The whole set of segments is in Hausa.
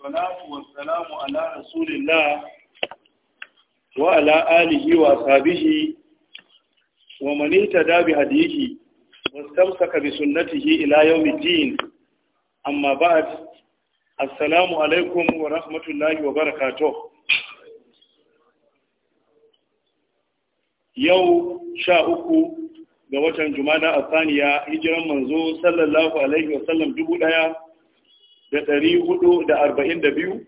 والصلاة والسلام على رسول الله وعلى آله وصحبه ومن اهتدى بهديه واستمسك بسنته إلى يوم الدين أما بعد السلام عليكم ورحمة الله وبركاته يو sha ga watan jumada a saniya hijiran manzo sallallahu alaihi wasallam dubu daya da ɗari hudu da arba'in da biyu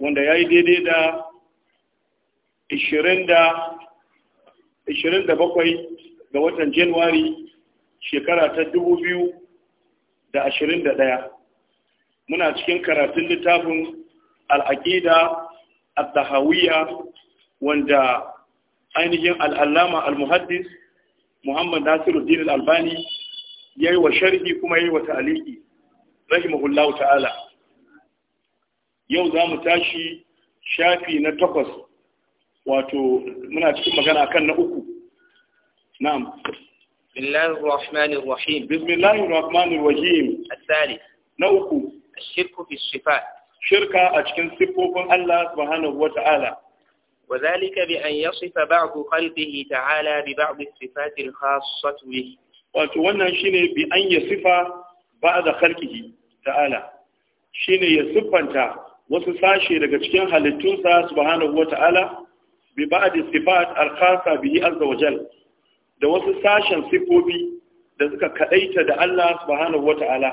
wanda ya yi daidai da ishirin da bakwai ga watan januwari shekara ta dubu biyu da ashirin da ɗaya muna cikin karatun littafin al'aƙida al-tahawiyya wanda ainihin al'allama al-muhaddis muhammad Nasiru al-albani ya yi wa sharhi kuma ya yi wa ta'aliki rahimahullahu ta'ala yau za mu tashi shafi na takwas wato muna cikin magana kan na uku na'am bismillahir rahmanir asali na uku ashirku fi sifat shirka a cikin siffofin Allah subhanahu wata'ala وذلك بأن يصف بعض خلقه تعالى ببعض الصفات الخاصة به. وأن شيء بأن يصف بعض خلقه ta'ala shine ya siffanta wasu sashe daga cikin halittunsa subhanahu wa ta'ala bi ba'd sifat al-khassa bihi azza wa jal da wasu sashen sifofi da suka kadaita da Allah subhanahu wa ta'ala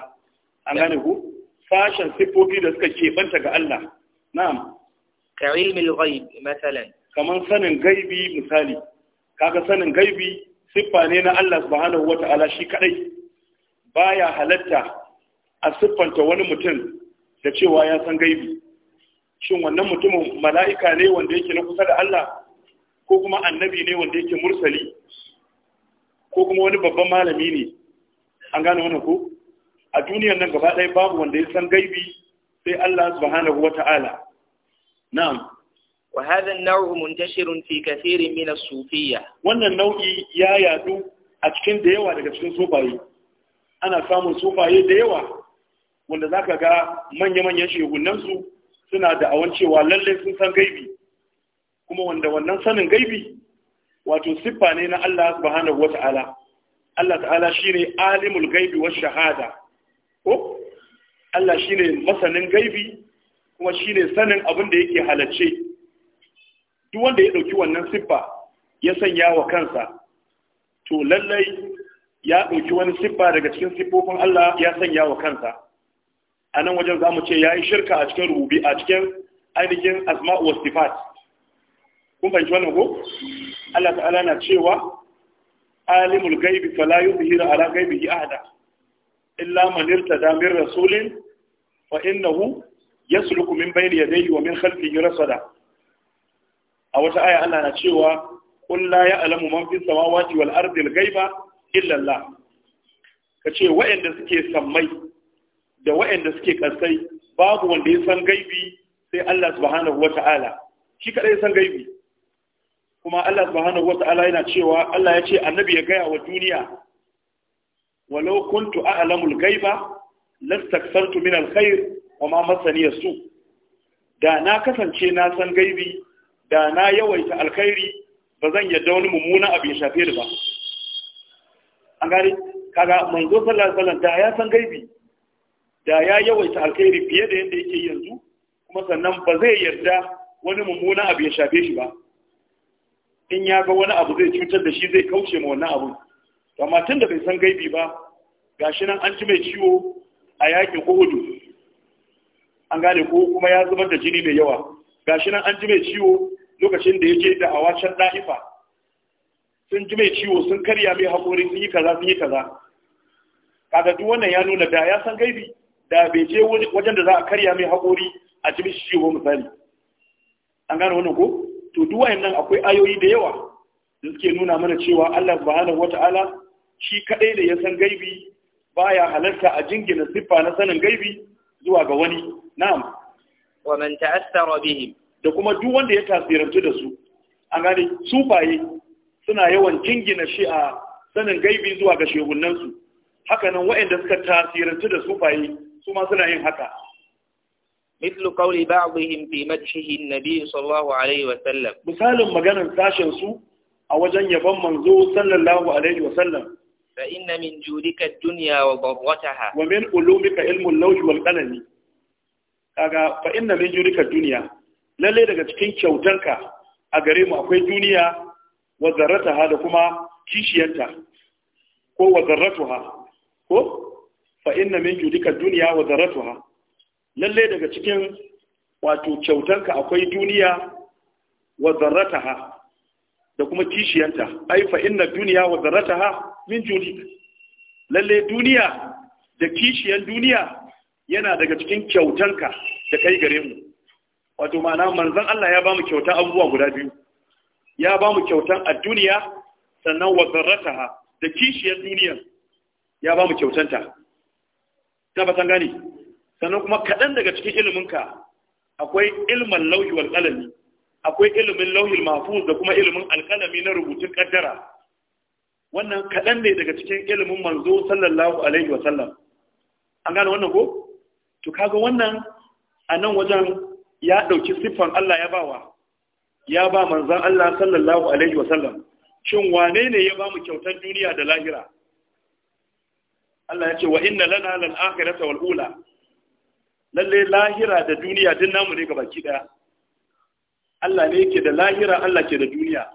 an gane ku sashen sifofi da suka keɓanta ga Allah na'am ka ilmi al-ghaib misalan kaman sanin gaibi misali kaga sanin gaibi siffa ne na Allah subhanahu wa ta'ala shi kadai baya halatta a siffanta wani mutum da cewa ya san gaibi shin wannan mutumin mala'ika ne wanda yake na kusa da Allah ko kuma annabi ne wanda yake mursali ko kuma wani babban malami ne an gane wannan ko a duniyar nan gaba ɗaya babu wanda ya san gaibi sai Allah subhanahu wata'ala na'am wa hadha an-naw'u muntashirun fi kathirin min as-sufiyya wannan nau'i ya yadu a cikin da yawa daga cikin sufaye ana samun sufaye da yawa wanda za ka ga manya-manyan shugunansu suna da awon cewa lallai sun san gaibi kuma wanda wannan sanin gaibi wato siffa ne na Allah subhanahu wata'ala Allah ta'ala shine alimul gaibi wa shahada ko Allah shine masanin gaibi kuma shine sanin abin da yake halacce duk wanda ya dauki wannan siffa ya sanya wa kansa to lallai ya dauki wani siffa daga cikin siffofin Allah ya sanya wa kansa a nan wajen zamu ce ya yi shirka a cikin rubi a cikin ainihin asma'u wa sifat kun fahimci wannan ko Allah ta'ala na cewa alimul gaibi fala yuzhiru ala ghaibihi ahada illa man irtada min rasulin fa innahu yasluku min bayni yadayhi wa min khalfihi rasada a wata aya Allah na cewa qul la ya'lamu man fis samawati wal ardi al ghaiba illa Allah kace wa'anda suke sammai da waɗanda suke kasai babu wanda ya san gaibi sai Allah subhanahu wata'ala shi kadai ya san gaibi kuma Allah subhanahu wata'ala yana cewa Allah ya ce annabi ya gaya wa duniya walau kuntu a'lamul gaiba lastakthartu min alkhair wa ma masani yasu da na kasance na san gaibi da na yawaita alkhairi ba zan yadda wani mummuna abin shafe da ba an gare, kaga manzo sallallahu alaihi wasallam da ya san gaibi da ya yawaita alkhairi fiye da yadda yake yanzu kuma sannan ba zai yarda wani mummuna abu ya shafe shi ba in ya ga wani abu zai cutar da shi zai kauce ma wannan abu amma tun da bai san gaibi ba gashi nan an ci mai ciwo a yakin uhudu an gane ko kuma ya zubar da jini mai yawa gashi nan an ji mai ciwo lokacin da yake da awacin da'ifa sun ji mai ciwo sun karya mai haƙori sun yi kaza sun yi kaza kaga duk wannan ya nuna da ya san gaibi da bai je wajen da za a karya mai haƙori a ci shi ko misali an gane wannan ko to duk nan akwai ayoyi da yawa da suke nuna mana cewa Allah subhanahu wata'ala shi kadai da ya san gaibi baya halarta a jingina siffa na sanin gaibi zuwa ga wani na'am wa man ta'assara bihim da kuma duk wanda ya tasirantu da su an gane sufaye suna yawan jingina shi a sanin gaibi zuwa ga shehunnan su nan, waɗanda suka tasirantu da sufaye kuma suna yin haka. Mislu kauli ba'dihim fi madhihi an-nabi sallallahu alaihi wa sallam. Misalin maganar tashin su a wajen yabon manzo sallallahu alaihi wa sallam. Fa inna min judika ad-dunya wa darwataha. Wa min ulumika ilmu al-lawj wal qalami. Kaga fa inna min judika ad-dunya. Lalle daga cikin kyautanka a gare mu akwai duniya wa zarrataha da kuma kishiyanta. Ko wa zarrataha. Ko fa inna min judika duniya wa zaratuha lalle daga cikin wato kyautanka akwai duniya wa zarataha da kuma kishiyanta ai fa inna duniya wa zarataha min judik lalle duniya da kishiyan duniya yana daga cikin kyautanka da kai gare mu wato ma'ana manzon Allah ya bamu kyauta abubuwa guda biyu ya bamu kyautan a duniya sannan wa zarataha da kishiyan duniya ya bamu kyautanta na ba gani sannan kuma kaɗan daga cikin iliminka akwai ilmin lauyi wal kalami akwai ilimin lauyi mahfuz da kuma ilimin alkalami na rubutun kaddara wannan kaɗan ne daga cikin ilimin manzo sallallahu alaihi wa sallam an gane wannan ko to kaga wannan a nan wajen ya ɗauki siffan Allah ya bawa ya ba manzan Allah sallallahu alaihi wa sallam shin wane ne ya ba mu kyautar duniya da lahira Allah ya ce wa inna lana lal akhirata wal ula lalle lahira da duniya din namu ne gabaki daya Allah ne yake da lahira Allah ke da duniya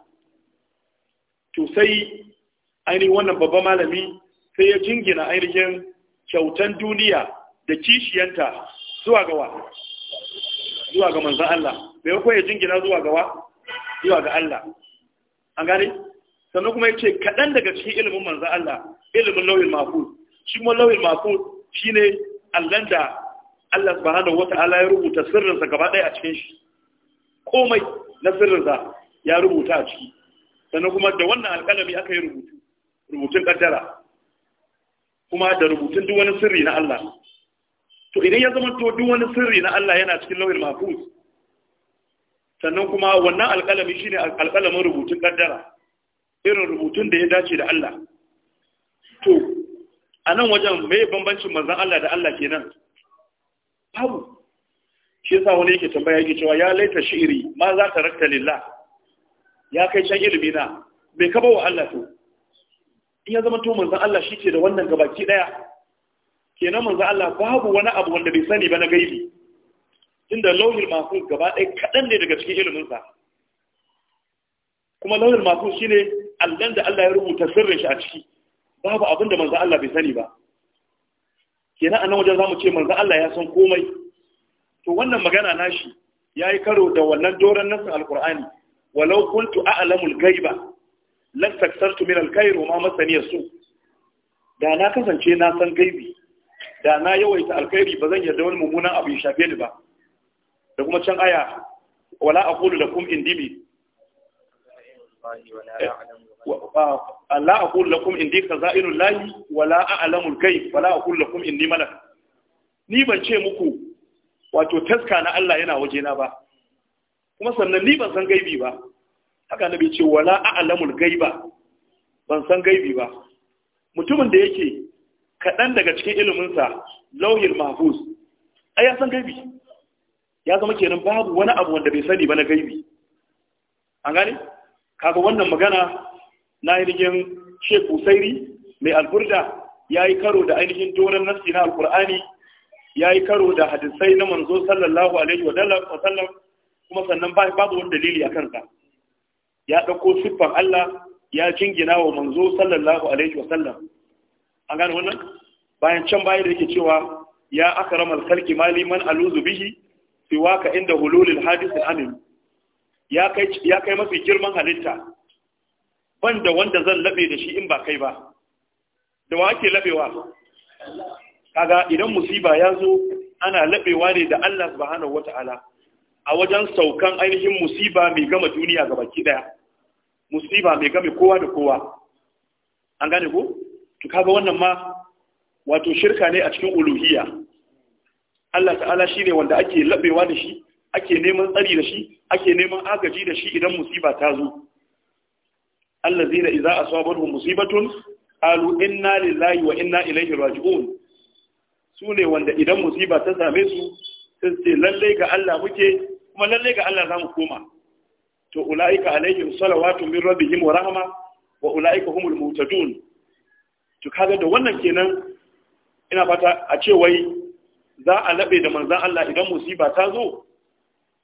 to sai ainihin wannan babban malami sai ya jingina ainihin kyautan duniya da kishiyanta zuwa gawa zuwa ga manzan Allah bai ko ya jingina zuwa gawa zuwa ga Allah an gane sannan kuma ya ce kaɗan daga cikin ilimin manzan Allah ilimin lauyin mafuz shi kuma lauyin masu shi ne allon da Allah subhanahu wa ta'ala ya rubuta sirrinsa gaba ɗaya a cikin shi komai na sirrinsa ya rubuta a ciki sannan kuma da wannan alƙalami aka yi rubutu rubutun ƙaddara kuma da rubutun duk wani sirri na Allah to idan ya zama to duk wani sirri na Allah yana cikin lauyin mafuz sannan kuma wannan alƙalami shine alƙalamin rubutun ƙaddara irin rubutun da ya dace da Allah to a nan wajen mai bambancin manzan Allah da Allah kenan babu shi yasa wani yake tambaya yake cewa ya laita shi'iri ma za ta rakta lillah ya kai can ilimi na bai kaba wa Allah to in ya zama to manzan Allah shi ke da wannan gabaki daya kenan manzan Allah babu wani abu wanda bai sani ba na gaibi inda lauhil masu gaba ɗaya kaɗan ne daga cikin sa kuma lauhil masu shi ne allon da Allah ya rubuta sirrin shi a ciki babu abin da manzo Allah bai sani ba kenan anan wajen zamu ce manzo Allah ya san komai to wannan magana nashi yayi karo da wannan doran nasin alqur'ani walau kuntu a'lamul ghaiba lantaksartu min alkhair ma masani su da na kasance na san gaibi da na yawaita alkhairi ba zan yarda wani mummunan abu ya shafe ni ba da kuma can aya wala aqulu lakum indi la aqul لكم indi خزائن lahi ولا a'lamul الغيب ولا aqul لكم inni ملك ni ban ce muku wato taska na Allah yana waje na ba kuma sannan ni ban san gaibi ba haka nabi ce wala a'lamul gaiba ban san gaibi ba mutumin da yake kaɗan daga cikin sa lauhin mahfuz ai ya san gaibi ya zama kenan babu wani abu wanda bai sani ba na gaibi an gane kaga wannan magana na ainihin Sheikh Usairi mai alburda ya yi karo da ainihin doron nafsi na alkur'ani ya yi karo da hadisai na manzo sallallahu alaihi wa sallam kuma sannan babu wani dalili a kansa ya ɗauko siffar Allah ya jingina wa manzo sallallahu alaihi wa sallam an wannan bayan can bayan da yake cewa ya akramal khalqi mali man aluzu bihi waka inda hululil hadith amin ya kai ya kai mafi girman halitta ban da wanda zan labe da shi in ba kai ba da wa ake labewa kaga idan musiba ya zo ana labewa ne da Allah subhanahu wata'ala a wajen saukan ainihin musiba mai gama duniya ga baki daya musiba mai gama kowa da kowa an gane ko to kaga wannan ma wato shirka ne a cikin uluhiyya Allah ta'ala shine wanda ake labewa da shi ake neman tsari da shi ake neman agaji da shi idan musiba ta zo allazina idza asabatuhum musibatun qalu inna lillahi wa inna ilaihi raji'un sune wanda idan musiba ta same su sai ce lalle ga Allah muke kuma lalle ga Allah zamu koma to ulaika alaihim salawatu min rabbihim wa rahma wa ulaika humul muhtadun to kaga da wannan kenan ina fata a ce wai za a labe da manzon Allah idan musiba ta zo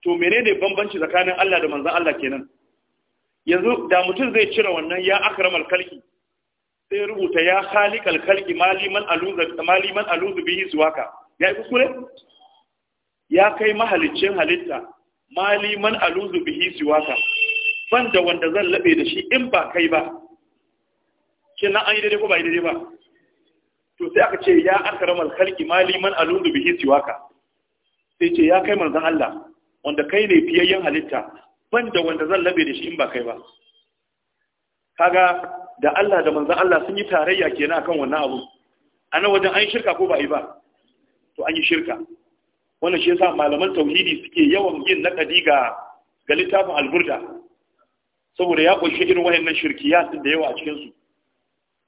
to menene bambanci tsakanin Allah da manzon Allah kenan yanzu da mutum zai cire wannan ya akramal kalki sai rubuta ya khaliqal kalki maliman aluzu maliman aluzu bihi suwaka ya kuskure ya kai mahalicin halitta maliman aluzu bihi siwaka ban da wanda zan labe da shi in ba kai ba kin nan an yi daidai ko ba yi daidai ba to sai aka ce ya akramal khalqi maliman aluzu bihi siwaka sai ce ya kai manzon Allah wanda kai ne fiyayyen halitta ban da wanda zan labe da shi in ba kai ba kaga da Allah da manzon Allah sun yi tarayya kenan akan wannan abu ana wajen an shirka ko ba yi ba to an yi shirka wannan shi yasa malaman tauhidi suke yawan yin nakadi ga ga littafin alburda saboda ya kunshi irin wayannan shirkiya da yawa a cikin su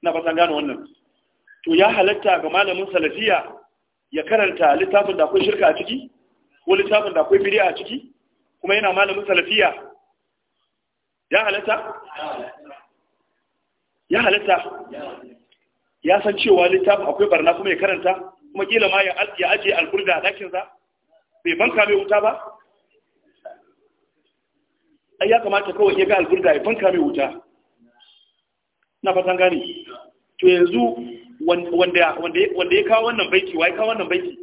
ina san gane wannan to ya halatta ga malamin salafiya ya karanta littafin da akwai shirka a ciki ko littafin da akwai bid'a a ciki kuma yana malamin salafiya ya halatta ya halatta ya san cewa littafin akwai barna kuma ya karanta kuma kila ma ya ajiye alburda a ɗakinsa bai banka mai wuta ba ai ya kamata kawai ya ga alburda ya banka mai wuta na fatan gani to yanzu wanda ya kawo wannan wa ya kawo wannan baiki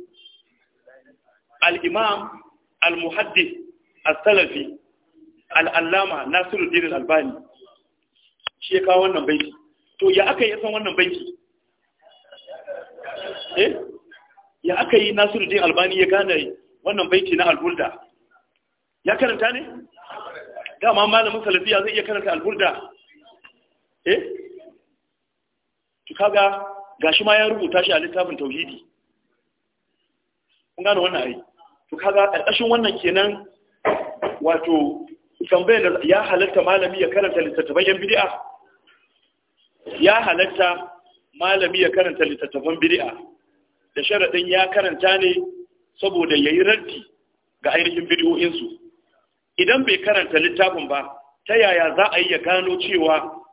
al-imam al muhaddi as-salafi al-allama Nasiru, al-Albani shi ya kawo wannan baiti to ya aka yi san wannan baiti eh ya aka yi Nasiru al-Albani ya gane wannan baiti na al-Burda ya karanta ne dama malamin salafiya zai iya karanta al-Burda eh to kaga gashi ma ya rubuta shi a littafin tauhidi kun gane wannan ai to kaga ƙarƙashin wannan kenan wato tambayar ya halatta malami ya karanta littattafan yan bid'a ya halatta malami ya karanta littattafan bid'a da sharadin ya karanta ne saboda yayi raddi ga ainihin bid'o'in su idan bai karanta littafin ba ta yaya za a yi ya gano cewa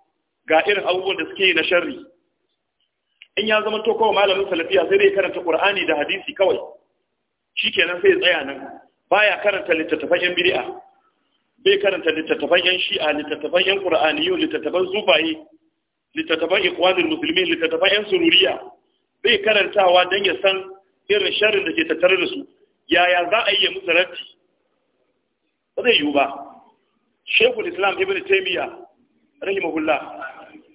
ga irin abubuwan da suke na sharri in ya zama to kawai malamin salafiya sai dai karanta qur'ani da hadisi kawai shikenan sai ya tsaya nan baya karanta littattafan yan bid'a bai karanta littattafan yan shi'a littattafan yan qur'aniyyu littattafan zubaye littattafan ikhwanul Musulmi, littattafan yan sururiya bai karantawa dan ya san irin sharrin da ke tattare da su yaya za a yi musu ratti ba zai yiwu ba shehu islam ibn taymiya rahimahullah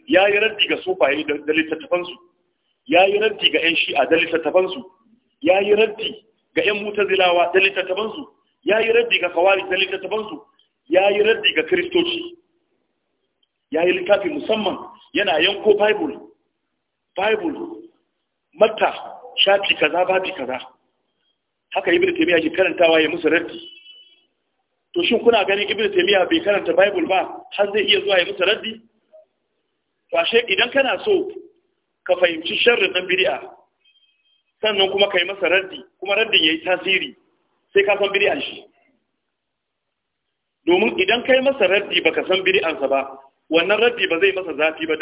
ya yi raddi ga sufaye da littattafansu ya yi raddi ga yan shi'a da littattafansu ya yi raddi ga ‘yan Zilawa da littattafansu ya yi raddi ga kawari da littattafansu ya yi raddi ga kiristoci ya yi littafi musamman yana yanko bible bible mata shafi kaza babi kaza haka ibn taymiya ke karantawa ya musu raddi to shi kuna ganin ibn taymiya bai karanta bible ba har zai iya zuwa ya musu raddi Washe idan kana so ka fahimci sharrin nan bid'a sannan kuma ka yi masa raddi kuma raddin ya yi tasiri sai ka san bid'an shi domin idan ka yi masa raddi baka san biri'ansa ba wannan raddi ba zai masa zafi ba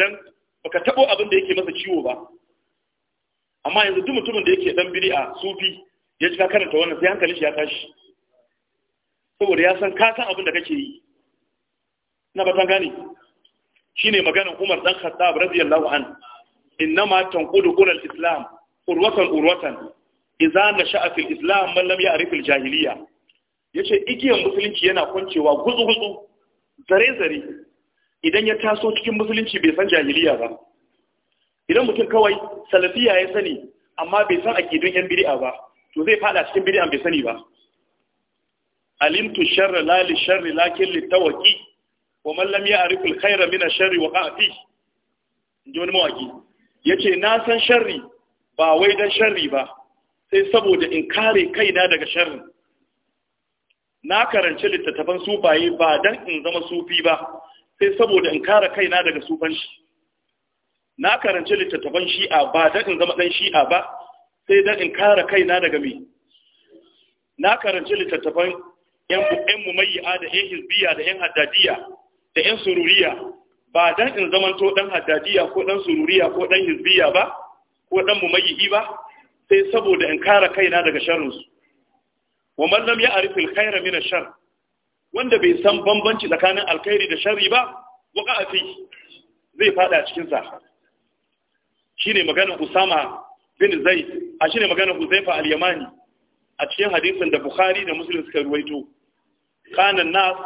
ba ka tabo abin da yake masa ciwo ba amma yanzu duk mutumin da yake dan biria sufi ya shiga karanta wannan sai hankalin shi ya tashi saboda ya san ka san abin da kake yi ina batan gane shine maganar Umar dan Khattab radiyallahu an innama tanqudu ulal islam urwatan urwatan idza nasha'a fil islam man lam ya'rif al jahiliya yace igiyar musulunci yana kwancewa gutsu gutsu zare zare idan ya taso cikin musulunci bai san jahiliya ba idan mutum kawai salafiya ya sani amma bai san akidun yan bid'a ba to zai fada cikin bid'a bai sani ba alimtu sharra la li sharri lakin li tawqi wa man lam ya'rif al khayra min ash-sharri waqa fi inji wani mawaki yace na san sharri ba wai don sharri ba sai saboda in kare kaina daga sharri na karanci littattafan sufaye ba don in zama sufi ba sai saboda in kare kaina daga shi. na karanci littattafan shi'a ba don in zama dan shi'a ba sai don in kare kaina daga me na karanci littattafan yan mai da yan hizbiya da yan haddadiya da yan sururiya ba don in zamanto dan haddadiya ko dan sururiya ko dan hizbiya ba ko dan mumayyi'i ba sai saboda in kare kaina daga sharrinsu wa man lam ya'rif al min shar wanda bai san bambanci tsakanin alkhairi da sharri ba waka fi zai fada cikin sa shine maganar Usama bin zai a shine maganar Huzaifa al-Yamani a cikin hadisin da Bukhari da Muslim suka ruwaito kana nas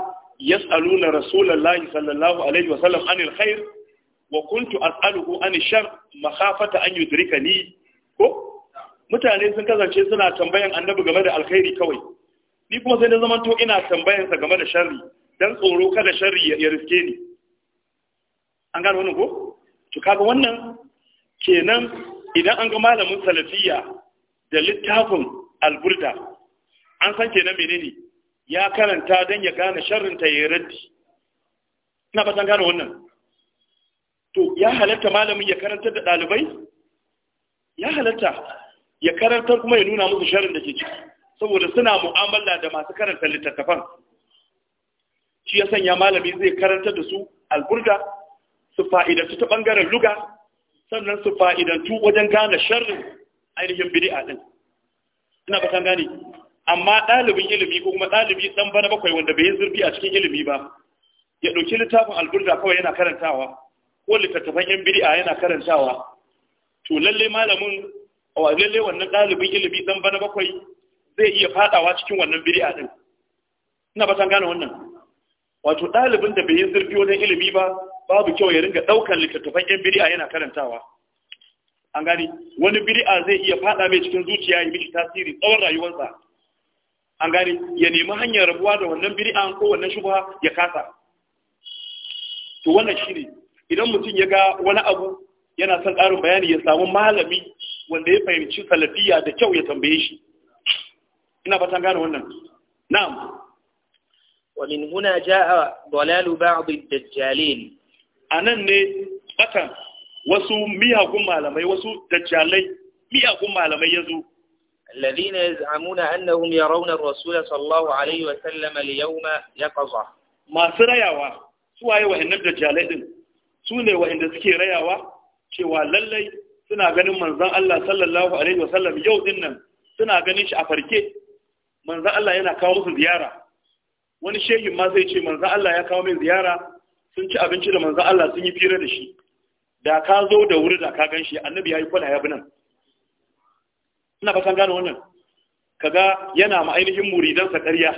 yas'aluna rasulullahi sallallahu alaihi wa sallam anil khair wa kuntu as'aluhu an shar makhafata an yudrikani ko mutane sun kasance suna tambayan annabi game da alkhairi kawai ni kuma sai na zaman to ina tambayan sa game da sharri dan tsoro kada sharri ya riske ni an gano wannan ko to kaga wannan kenan idan an ga malamin salafiyya da littafin alburda an san kenan menene ya karanta dan ya gane sharrin ta yayi raddi ina ba san gano wannan to ya halatta malamin ya karanta da ɗalibai ya halatta ya karanta kuma ya nuna musu sharin da ke ciki saboda suna mu'amala da masu karanta littattafan shi ya sanya malami zai karanta da su alburda su fa'idantu ta bangaren luga sannan su fa'idantu wajen gane sharrin ainihin bidi'a ɗin ina ba gane amma ɗalibin ilimi ko kuma ɗalibi ɗan bana bakwai wanda bai yi zurfi a cikin ilimi ba ya ɗauki littafin alburda kawai yana karantawa ko littattafan yan bid'a yana karantawa to lalle malamin lalle wannan dalibin ilimi dan bana bakwai zai iya fadawa cikin wannan bid'a din ina ba san gane wannan wato dalibin da bai yi zurfi wajen ilimi ba babu kyau ya ringa ɗaukar littattafan yan bid'a yana karantawa an gani wani bid'a zai iya fada mai cikin zuciya ya mishi tasiri tsawon rayuwarsa an gani ya nemi hanyar rabuwa da wannan bid'an ko wannan shubha ya kasa to wannan shine idan mutum ya ga wani abu yana son ƙarin bayani ya samu malami wanda ya fahimci salafiya da kyau ya tambaye shi ina fatan gane wannan na'am wa min huna jaa dalalu ba'd ad-dajjalin anan ne batan wasu miyagun malamai wasu dajjalai miyagun malamai yazo الذين يزعمون أنهم يرون الرسول صلى الله عليه وسلم اليوم يقظة ما سرياوا سواء dajjalai din? su ne wa'inda suke rayawa cewa lallai suna ganin manzan Allah sallallahu alaihi wasallam yau din nan suna ganin shi a farke Manzan Allah yana kawo musu ziyara wani shehin ma zai ce manzan Allah ya kawo min ziyara sun ci abinci da manzan Allah sun yi fira da shi da ka zo da wuri da ka gan shi annabi ya yi kwana ya bi nan ina ba san gane wannan kaga yana ma ainihin muridansa ƙarya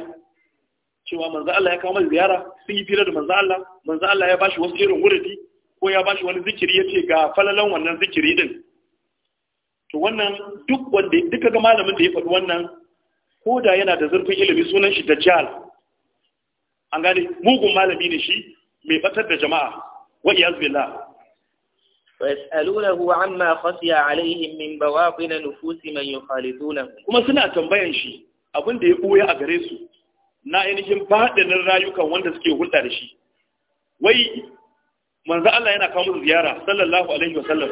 cewa manzan Allah ya kawo mai ziyara sun yi fira da manzan Allah Manzan Allah ya bashi wasu irin wuri ko ya bashi wani zikiri ya ce ga falalan wannan zikiri din to wannan duk wanda duk ga malamin da ya faɗi wannan ko da yana da zurfin ilimi sunan shi dajjal an gane mugun malami ne shi mai batar da jama'a wa iyaz billah ويسألونه amma خفي alaihim min bawaqin nufus man يخالطونه kuma suna tambayan shi abin da ya boye a gare su na ainihin fadin rayukan wanda suke hulɗa da shi wai manzo Allah yana kawo musu ziyara sallallahu alaihi wasallam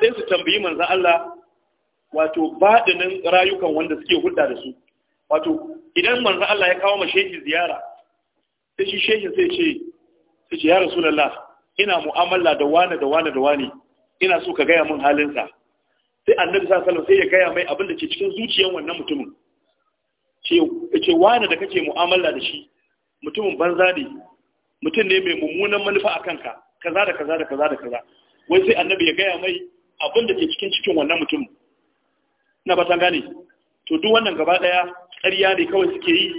sai su tambayi manzo Allah wato badinin rayukan wanda suke hulɗa da su wato idan manzo Allah ya kawo ma shehi ziyara sai shi shehin sai ce sai ce ya rasulullah ina mu'amala da wani da wani da wani ina so ka gaya min halinsa sai annabi sallallahu alaihi wasallam sai ya gaya mai abin da ke cikin zuciyar wannan mutumin ce ce wani da kake mu'amala da shi mutumin banza ne mutum ne mai mummunan manufa a kanka kaza da kaza da kaza da kaza wai sai annabi ya gaya mai abin da ke cikin cikin wannan mutum na ba gane to duk wannan gaba daya ƙarya ne kawai suke yi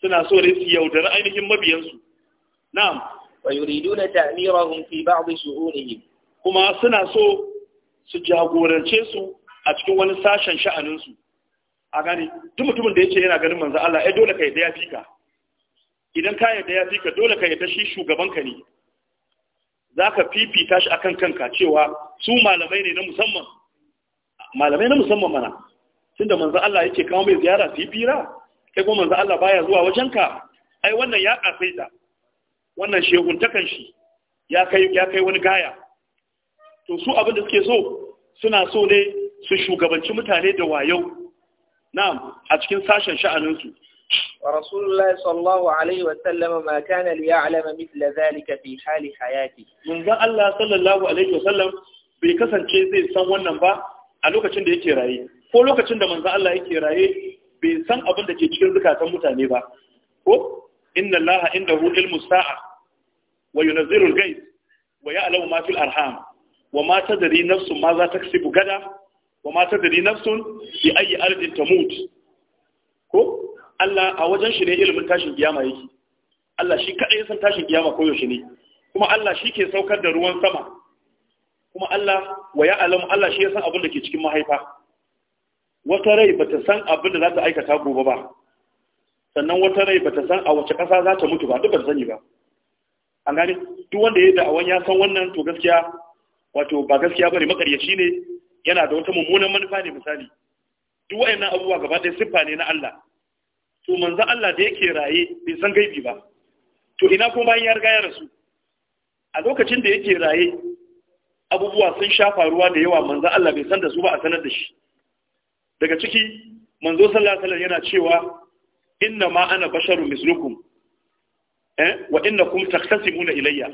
suna so da su yaudara ainihin mabiyansu na'am wa yuriduna ta'mirahum fi ba'd shu'unihim kuma suna so su jagorance su a cikin wani sashen sha'aninsu a gane duk mutumin da yake yana ganin manzo Allah ai dole ka yadda ya fika idan ka yadda ya fika dole ka yadda shi shugaban ka ne za ka fifita shi akan kanka cewa su malamai ne na musamman malamai na musamman mana da manzan Allah yake kawo mai ziyara su yi fira kai kuma manzan Allah baya zuwa wajenka ai wannan ya da. wannan sheguntakan shi ya kai wani gaya to su abin da suke so suna so ne su shugabanci mutane da wayo na'am a cikin sashen sha'aninsu ورسول الله صلى الله عليه وسلم ما كان ليعلم مثل ذلك في حال حياته من ذا الله صلى الله عليه وسلم bai kasance zai san wannan ba a lokacin da yake raye ko lokacin da manzo Allah yake raye bai san abin da ke cikin zukatan mutane ba ko inna allaha indahu ilmu sa'a wa yunziru al-ghayb wa ya'lamu ma fil arham wa ma tadri nafsun ma za taksibu gada wa ma tadri nafsun bi ayyi ardin tamut ko Allah a wajen shi ne ilimin tashin kiyama yake Allah shi kaɗai san tashin kiyama ko yaushe ne kuma Allah shi ke saukar da ruwan sama kuma Allah wa ya alamu Allah shi ya san abin da ke cikin mahaifa wata rai bata san abin da za ta aikata gobe ba sannan wata rai bata san a wace ƙasa za ta mutu ba duk ba sani ba an gane duk wanda ya da'awan ya san wannan to gaskiya wato ba gaskiya bane makaryaci ne yana da wata mummunan manufa ne misali duk wayannan abubuwa gaba ɗaya siffa ne na Allah to manzo Allah da yake raye bai san gaibi ba to ina kuma bayan ya riga ya rasu a lokacin da yake raye abubuwa sun sha faruwa da yawa manzo Allah bai san da su ba a sanar da shi daga ciki manzo sallallahu alaihi wasallam yana cewa inna ma ana basharu mislukum eh wa innakum taqtasimuna ilayya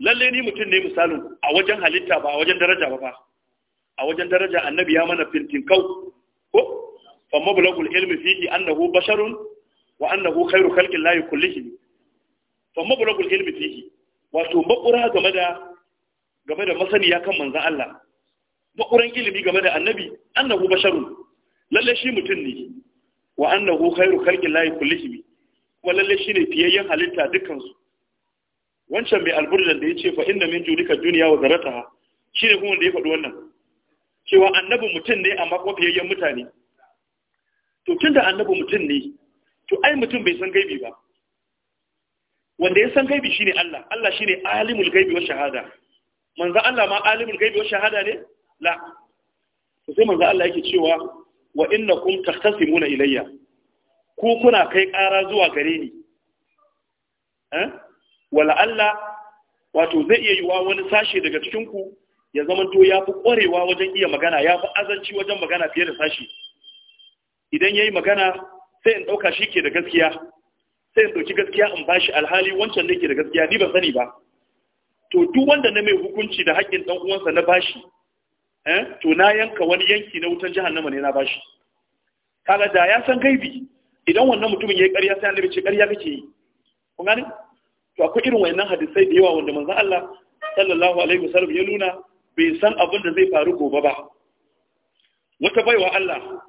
lalle ni mutum ne misalin a wajen halitta ba a wajen daraja ba fa a wajen daraja annabi ya mana fintin kau ko fa mablagul ilmi fihi annahu basharun wa khairu khalqin la yukullihi fa mablagul ilmi fihi wato makura game da game da masaniya kan manzon Allah makuran ilimi game da annabi annahu basharun lalle shi mutum ne wa annahu khairu lalle shi ne halitta dukkan wancan mai alburdan da ce fa inna min julika dunya wa zarataha shi ne kuma da ya faɗi wannan cewa annabi mutum ne amma kuma fiyayyen mutane to tun da annabi mutum ne to ai mutum bai san gaibi ba wanda ya san gaibi shine Allah Allah shine alimul gaibi wa shahada manzo Allah ma alimul gaibi wa shahada ne la to sai manzo Allah yake cewa wa innakum tahtasimuna ilayya ku kuna kai ƙara zuwa gare ni eh wala Allah wato zai iya yiwa wani sashe daga cikin ku ya zamanto ya fi ƙwarewa wajen iya magana ya fi azanci wajen magana fiye da sashe idan ya yi magana sai in dauka shi ke da gaskiya sai in dauki gaskiya in ba shi alhali wancan ne ke da gaskiya ni ban sani ba to duk wanda na mai hukunci da haƙƙin dan uwansa na bashi eh to na yanka wani yanki na wutan jahannama ne na bashi kaga da ya san gaibi idan wannan mutumin yayi ƙarya sai annabi ce ƙarya kake yi kun gane to akwai irin wayannan hadisai da yawa wanda manzo Allah sallallahu alaihi wasallam ya nuna bai san abin da zai faru gobe ba wata baiwa Allah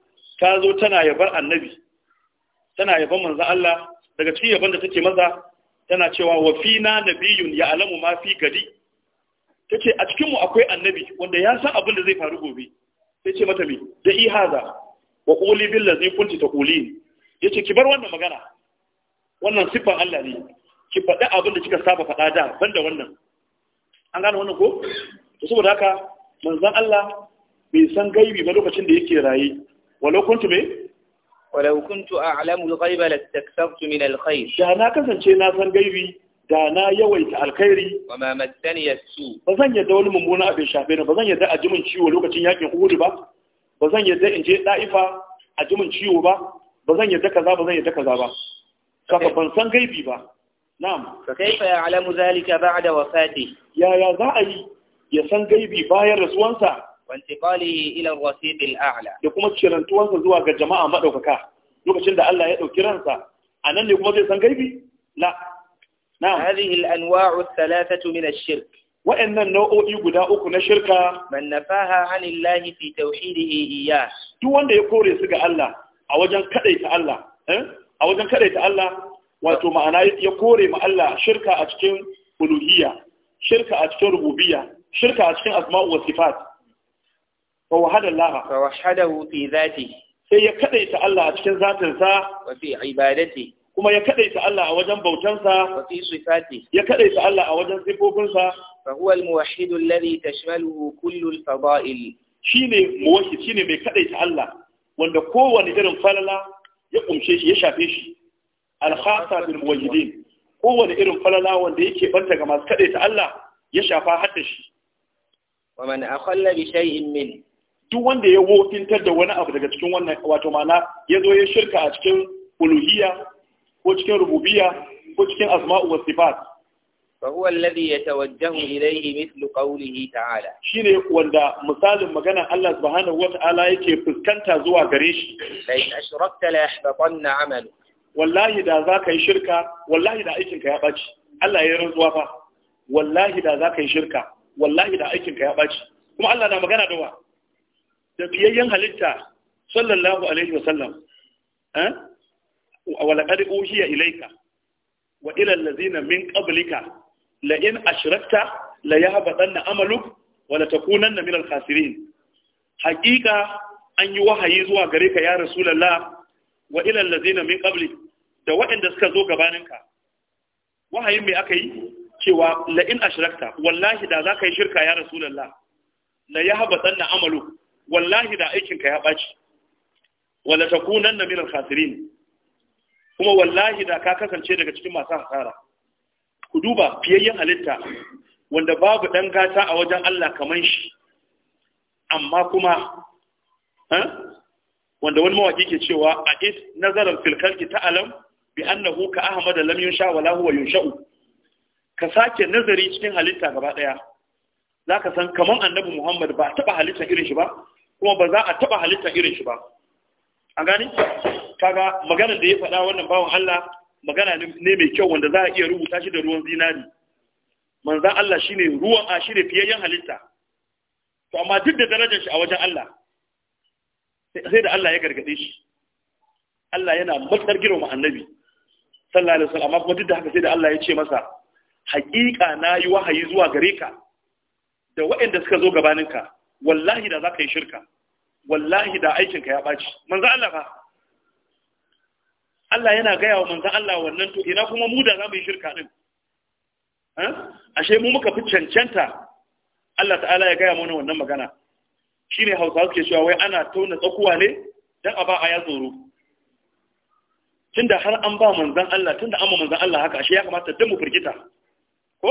ta zo tana yabar annabi tana yaban manzo Allah daga cikin yabon da take maza tana cewa wa fina nabiyyun ya'lamu ma fi gadi tace a cikin mu akwai annabi wanda ya san abin da zai faru gobe sai ce mata me da i haza wa quli bil ladhi kunti taqulin yace ki bar wannan magana wannan sifan Allah ne ki faɗi abin da kika saba faɗa da banda wannan an gane wannan ko to saboda haka manzon Allah bai san gaibi ba lokacin da yake raye walau kuntu me walau kuntu a'lamu al-ghaiba lastakthartu min al da na kasance na san gaibi da na yawaita alkhairi wa ma massani yasu ba zan yadda wani mummuna abin shafe ni ba zan yadda a jimin ciwo lokacin yakin Uhud ba ba zan yadda in je da'ifa a jimin ciwo ba ba zan yadda kaza ba zan yadda kaza ba saka ban san gaibi ba na'am za a yi ya san gaibi bayan rasuwansa وانتقاله الى الرصيد الاعلى لكم تشيران توان زوا ga jama'a maɗaukaka, lokacin da Allah ya ɗauki ransa anan ne kuma zai san gaibi la na'am هذه الانواع الثلاثه من الشرك وان النوعي غدا uku na shirka man nafaha an illahi fi tawhidihi iyyah duk wanda ya kore su ga Allah a wajen kadaita eh? Allah wato ma'ana ya kore ma Allah shirka a cikin uluhiyya shirka a cikin rububiya, shirka a cikin asma'u wa sifat fa wahada Allah fa wahadahu fi zati sai ya kadaita Allah a cikin zatinsa wa fi ibadati kuma ya kadaita Allah a wajen bautansa wa fi sifati ya kadaita Allah a wajen sifofinsa fa huwa al-muwahhid alladhi tashmaluhu kullu al-fada'il shine muwahhid shine mai kadaita Allah wanda kowane irin falala ya kumshe shi ya shafe shi al-khassa bil muwahhidin Kowanne irin falala wanda yake banta ga masu kadaita Allah ya shafa hadda shi wa man akhalla bi shay'in min duk wanda ya wofintar da wani abu daga cikin wannan wato mana ya zo ya shirka a cikin uluhiyya ko cikin rububiyya ko cikin asma'u wa sifat fa huwa alladhi yatawajjahu ilayhi mithlu qawlihi ta'ala shine wanda misalin magana Allah subhanahu wa yake fuskanta zuwa gare shi la in ashrakta la yahbatanna 'amalu wallahi da zaka yi shirka wallahi da aikinka ya baci Allah ya rantsuwa fa wallahi da zaka yi shirka wallahi da aikinka ya kuma Allah na magana da wa da biyayyen halitta sallallahu alaihi wasallam eh? wa shi ya ilaika, wa ila allazina min qablika la ya haɓa la na amaluk wa ta kunan na milar kasirin haƙiƙa an yi wahayi zuwa gare ka ya lalla, wa ila allazina min qablik da waɗanda suka zo gabaninka wahayin mai aka yi cewa la'in ashrakta wallahi da za ka yi shirka ya rasulallah la ya haɓa na amaluk wallahi da aikinka ya ɓaci wala takunanna min al-khasirin kuma wallahi da ka kasance daga cikin masu hasara ku duba fiyayyen halitta wanda babu dan gata a wajen Allah kaman shi amma kuma eh, wanda wani mawaki ke cewa a is nazaran fil ta ta'lam bi annahu ka ahmad lam yunsha wa la huwa yunsha'u ka sake nazari cikin halitta gaba daya zaka san kaman annabi Muhammad ba taba halitta irin shi ba kuma ba za a taba halitta irin shi ba an gani kaga maganar da ya faɗa wannan bawan Allah magana ne mai kyau wanda za a iya rubuta shi da ruwan zinari manzan Allah shine ruwan a shine fiyayyen halitta to amma duk da darajar shi a wajen Allah sai da Allah ya gargade shi Allah yana matsar girma annabi sallallahu alaihi wasallam amma duk da haka sai da Allah ya ce masa haƙiƙa na yi wahayi zuwa gare ka da waɗanda suka zo gabaninka wallahi da za ka yi shirka wallahi da aikinka ya ɓaci manzo Allah fa Allah yana gaya wa manzan Allah wannan to ina kuma mu da za mu yi shirka din? ashe mu muka fi cancanta Allah ta'ala ya gaya mana wannan magana shi ne hausawa suke cewa wai ana tauna tsakuwa ne don a ba a ya tsoro tunda har an ba manzan Allah tunda an ba manzan Allah haka ashe ya kamata don mu firgita ko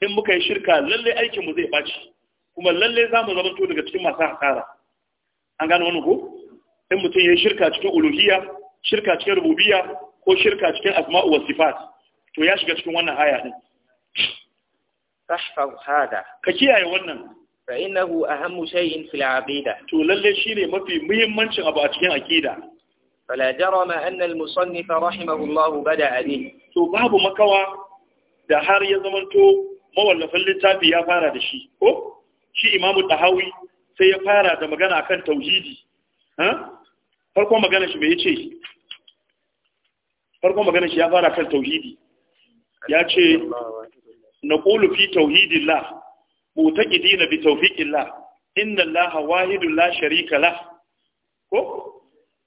in muka yi shirka lallai aikinmu zai ɓaci kuma lalle za mu zamanto daga cikin masu hasara an gano wani ko in mutum ya yi shirka cikin uluhiyya shirka cikin Rububiya, ko shirka cikin asma'u wa sifat to ya shiga cikin wannan aya din tashfa'u hada ka kiyaye wannan fa innahu ahammu shay'in fil aqida to lalle shine mafi muhimmancin abu a cikin aqida فلا جرم أن المصنف رحمه الله بدأ به to babu makawa da har ya zamanto mawallafin littafi ya fara da shi ko shi imamu tahawi sai ya fara da magana akan tauhidi farkon magana shi mai ce farkon magana shi ya fara kan tauhidi ya ce na ƙulu fi tauhidin la mota na bi taufiƙin la inda laha wahidun la sharika la ko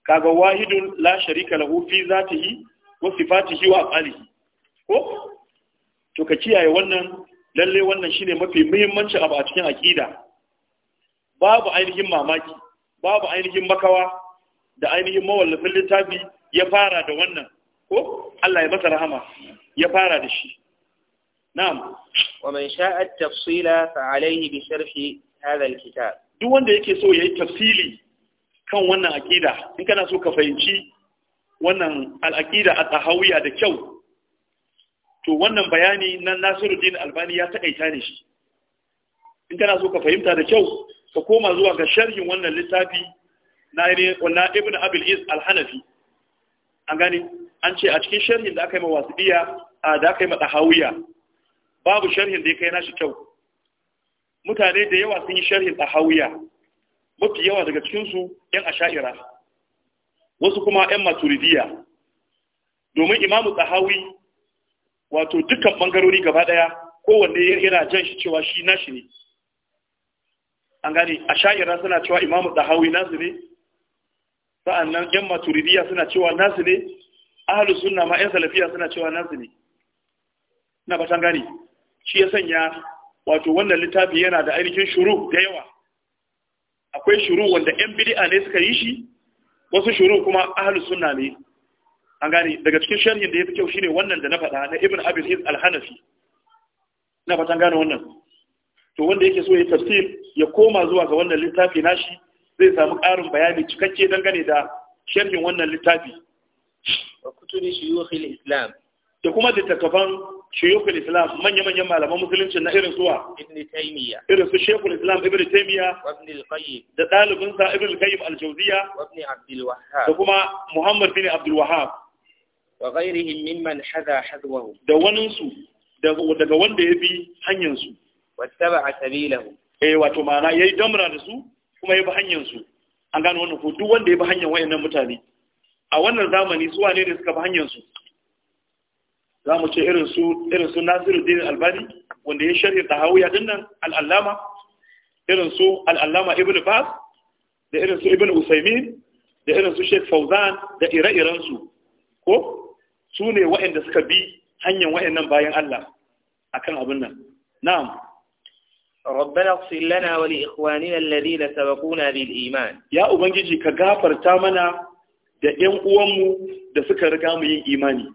kaga wahidun la sharika za ta zatihi wa fatihi wa ƙali, ko to ka kiyaye wannan lalle wannan shine mafi muhimmanci abu a cikin aqida babu ainihin mamaki babu ainihin makawa da ainihin mawallafin littafi ya fara da wannan ko Allah ya masa rahama ya fara da shi na'am wa man sha'a at-tafsila fa alayhi bi sharhi hadha al-kitab duk wanda yake so yayi tafsili kan wannan aqida in kana so ka fahimci wannan al-aqida at-tahawiyya da kyau to wannan bayani na Nasiruddin Albani ya takaita ne shi in kana so ka fahimta da kyau ka koma zuwa ga sharhin wannan littafi na na Ibn Abil Is Al-Hanafi an gani an ce a cikin sharhin da aka yi ma wasiya a da aka yi ma babu sharhin da ya kai nashi kyau mutane da yawa sun yi sharhin tahawiya mafi yawa daga cikin su yan asha'ira wasu kuma yan maturidiya domin imamu tsahawi wato dukkan bangarori gaba daya kowanne yana jan shi cewa shi nashi ne an gane a sha'ira suna cewa imamu hawi nasu ne sa'annan yan maturidiya suna cewa nasu ne ahalu sunna ma yan salafiya suna cewa nasu ne na batan gani. shi ya sanya wato wannan littafi yana da ainihin shuru da yawa akwai shuru wanda yan bid'a ne suka yi shi wasu shuru kuma ahalu sunna ne an gane daga cikin sharhin da ya fi kyau shine wannan da na faɗa na ibn abil iz al-hanafi na fatan gane wannan to wanda yake so ya tafsir ya koma zuwa ga wannan littafi nashi zai samu ƙarin bayani cikakke dangane da sharhin wannan littafi wa kutubi shuyukhil islam da kuma da littattafan shuyukhil islam manya-manyan malaman musulunci na irin suwa ibn taymiya irin su shaykhul islam ibn taymiya ibn al-qayyim da dalibin sa ibn al-qayyim al-jawziya ibn al wahhab da kuma muhammad bin al wahhab wa ghairihim mimman hadha hadwahu da su daga wanda ya bi hanyar su wattaba'a sabilahu eh wato mana yayi damra da su kuma ya bi hanyar su an gano wannan ko duk wanda ya bi hanyar wayannan mutane a wannan zamani su wane ne suka bi hanyar su za mu ce irin su irin su Nasiruddin Albani wanda ya sharhi Tahawiya dinnan al-Allama irin su al-Allama Ibn Baz da irin su Ibn Usaymin da irin su Sheikh Fauzan da ire-iren su ko su ne waɗanda suka bi hanyar waɗannan bayan Allah akan abin nan na'am li ikhwanina alladhina sabaquna bil iman. Ya Ubangiji ka gafarta mana da ‘yan uwanmu da suka riga mu yin imani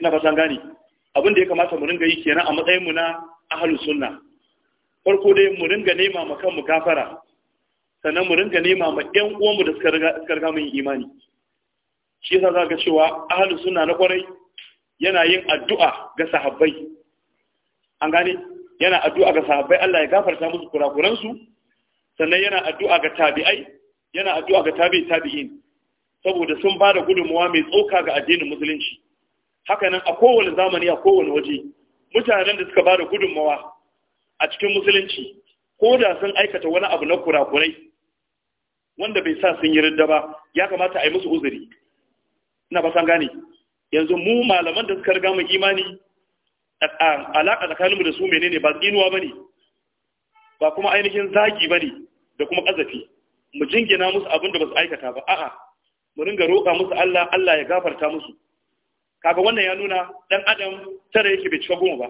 ina san gani abin da ya kamata mu ringa yi kenan a matsayinmu na Ahlus sunna farko dai mu ringa nema ma kanmu gafara sannan mu ringa nema ma ‘yan uwanmu da suka riga mu yin imani shi yasa za ka cewa ahalus suna na kwarai yana yin addu'a ga sahabbai an gane yana addu'a ga sahabbai Allah ya gafarta musu kurakuransu sannan yana addu'a ga tabi'ai yana addu'a ga tabi'i tabi'in saboda sun ba da gudunmuwa mai tsoka ga addinin musulunci haka nan a kowane zamani a kowane waje mutanen da suka ba da gudunmuwa a cikin musulunci ko da sun aikata wani abu na kurakurai wanda bai sa sun yi ridda ba ya kamata a yi musu uzuri ina ba san gane yanzu mu malaman da suka riga mu imani tsakanin mu da su menene ba tsinuwa bane ba kuma ainihin zagi bane da kuma kazafi mu jingina musu abin da ba su aikata ba a'a mu ringa roƙa musu Allah Allah ya gafarta musu kaga wannan ya nuna dan adam tare yake bai cika goma ba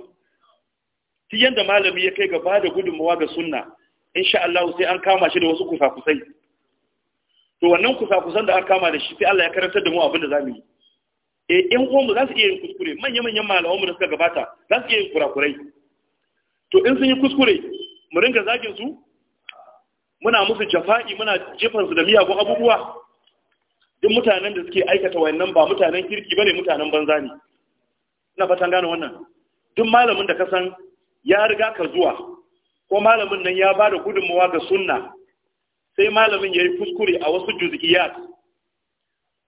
duk yanda malami ya kai gaba da gudunmawa ga sunna insha Allah sai an kama shi da wasu kusa-kusai to wannan kusa-kusan da aka kama da shi sai Allah ya karantar da mu abin da za mu yi E, eh, in uwanmu za su iya yin kuskure manya-manyan malamanmu da suka gabata za su iya yin kurakurai to in sun yi kuskure mu ringa zagin su muna musu jafa'i muna jefan su da miyagun abubuwa duk mutanen da suke aikata wayannan ba mutanen kirki bane mutanen banza ne ina fatan gane wannan duk malamin da ka san ya riga ka zuwa ko malamin nan ya ba da gudunmawa ga sunna sai malamin ya yi kuskure a wasu juz'iyat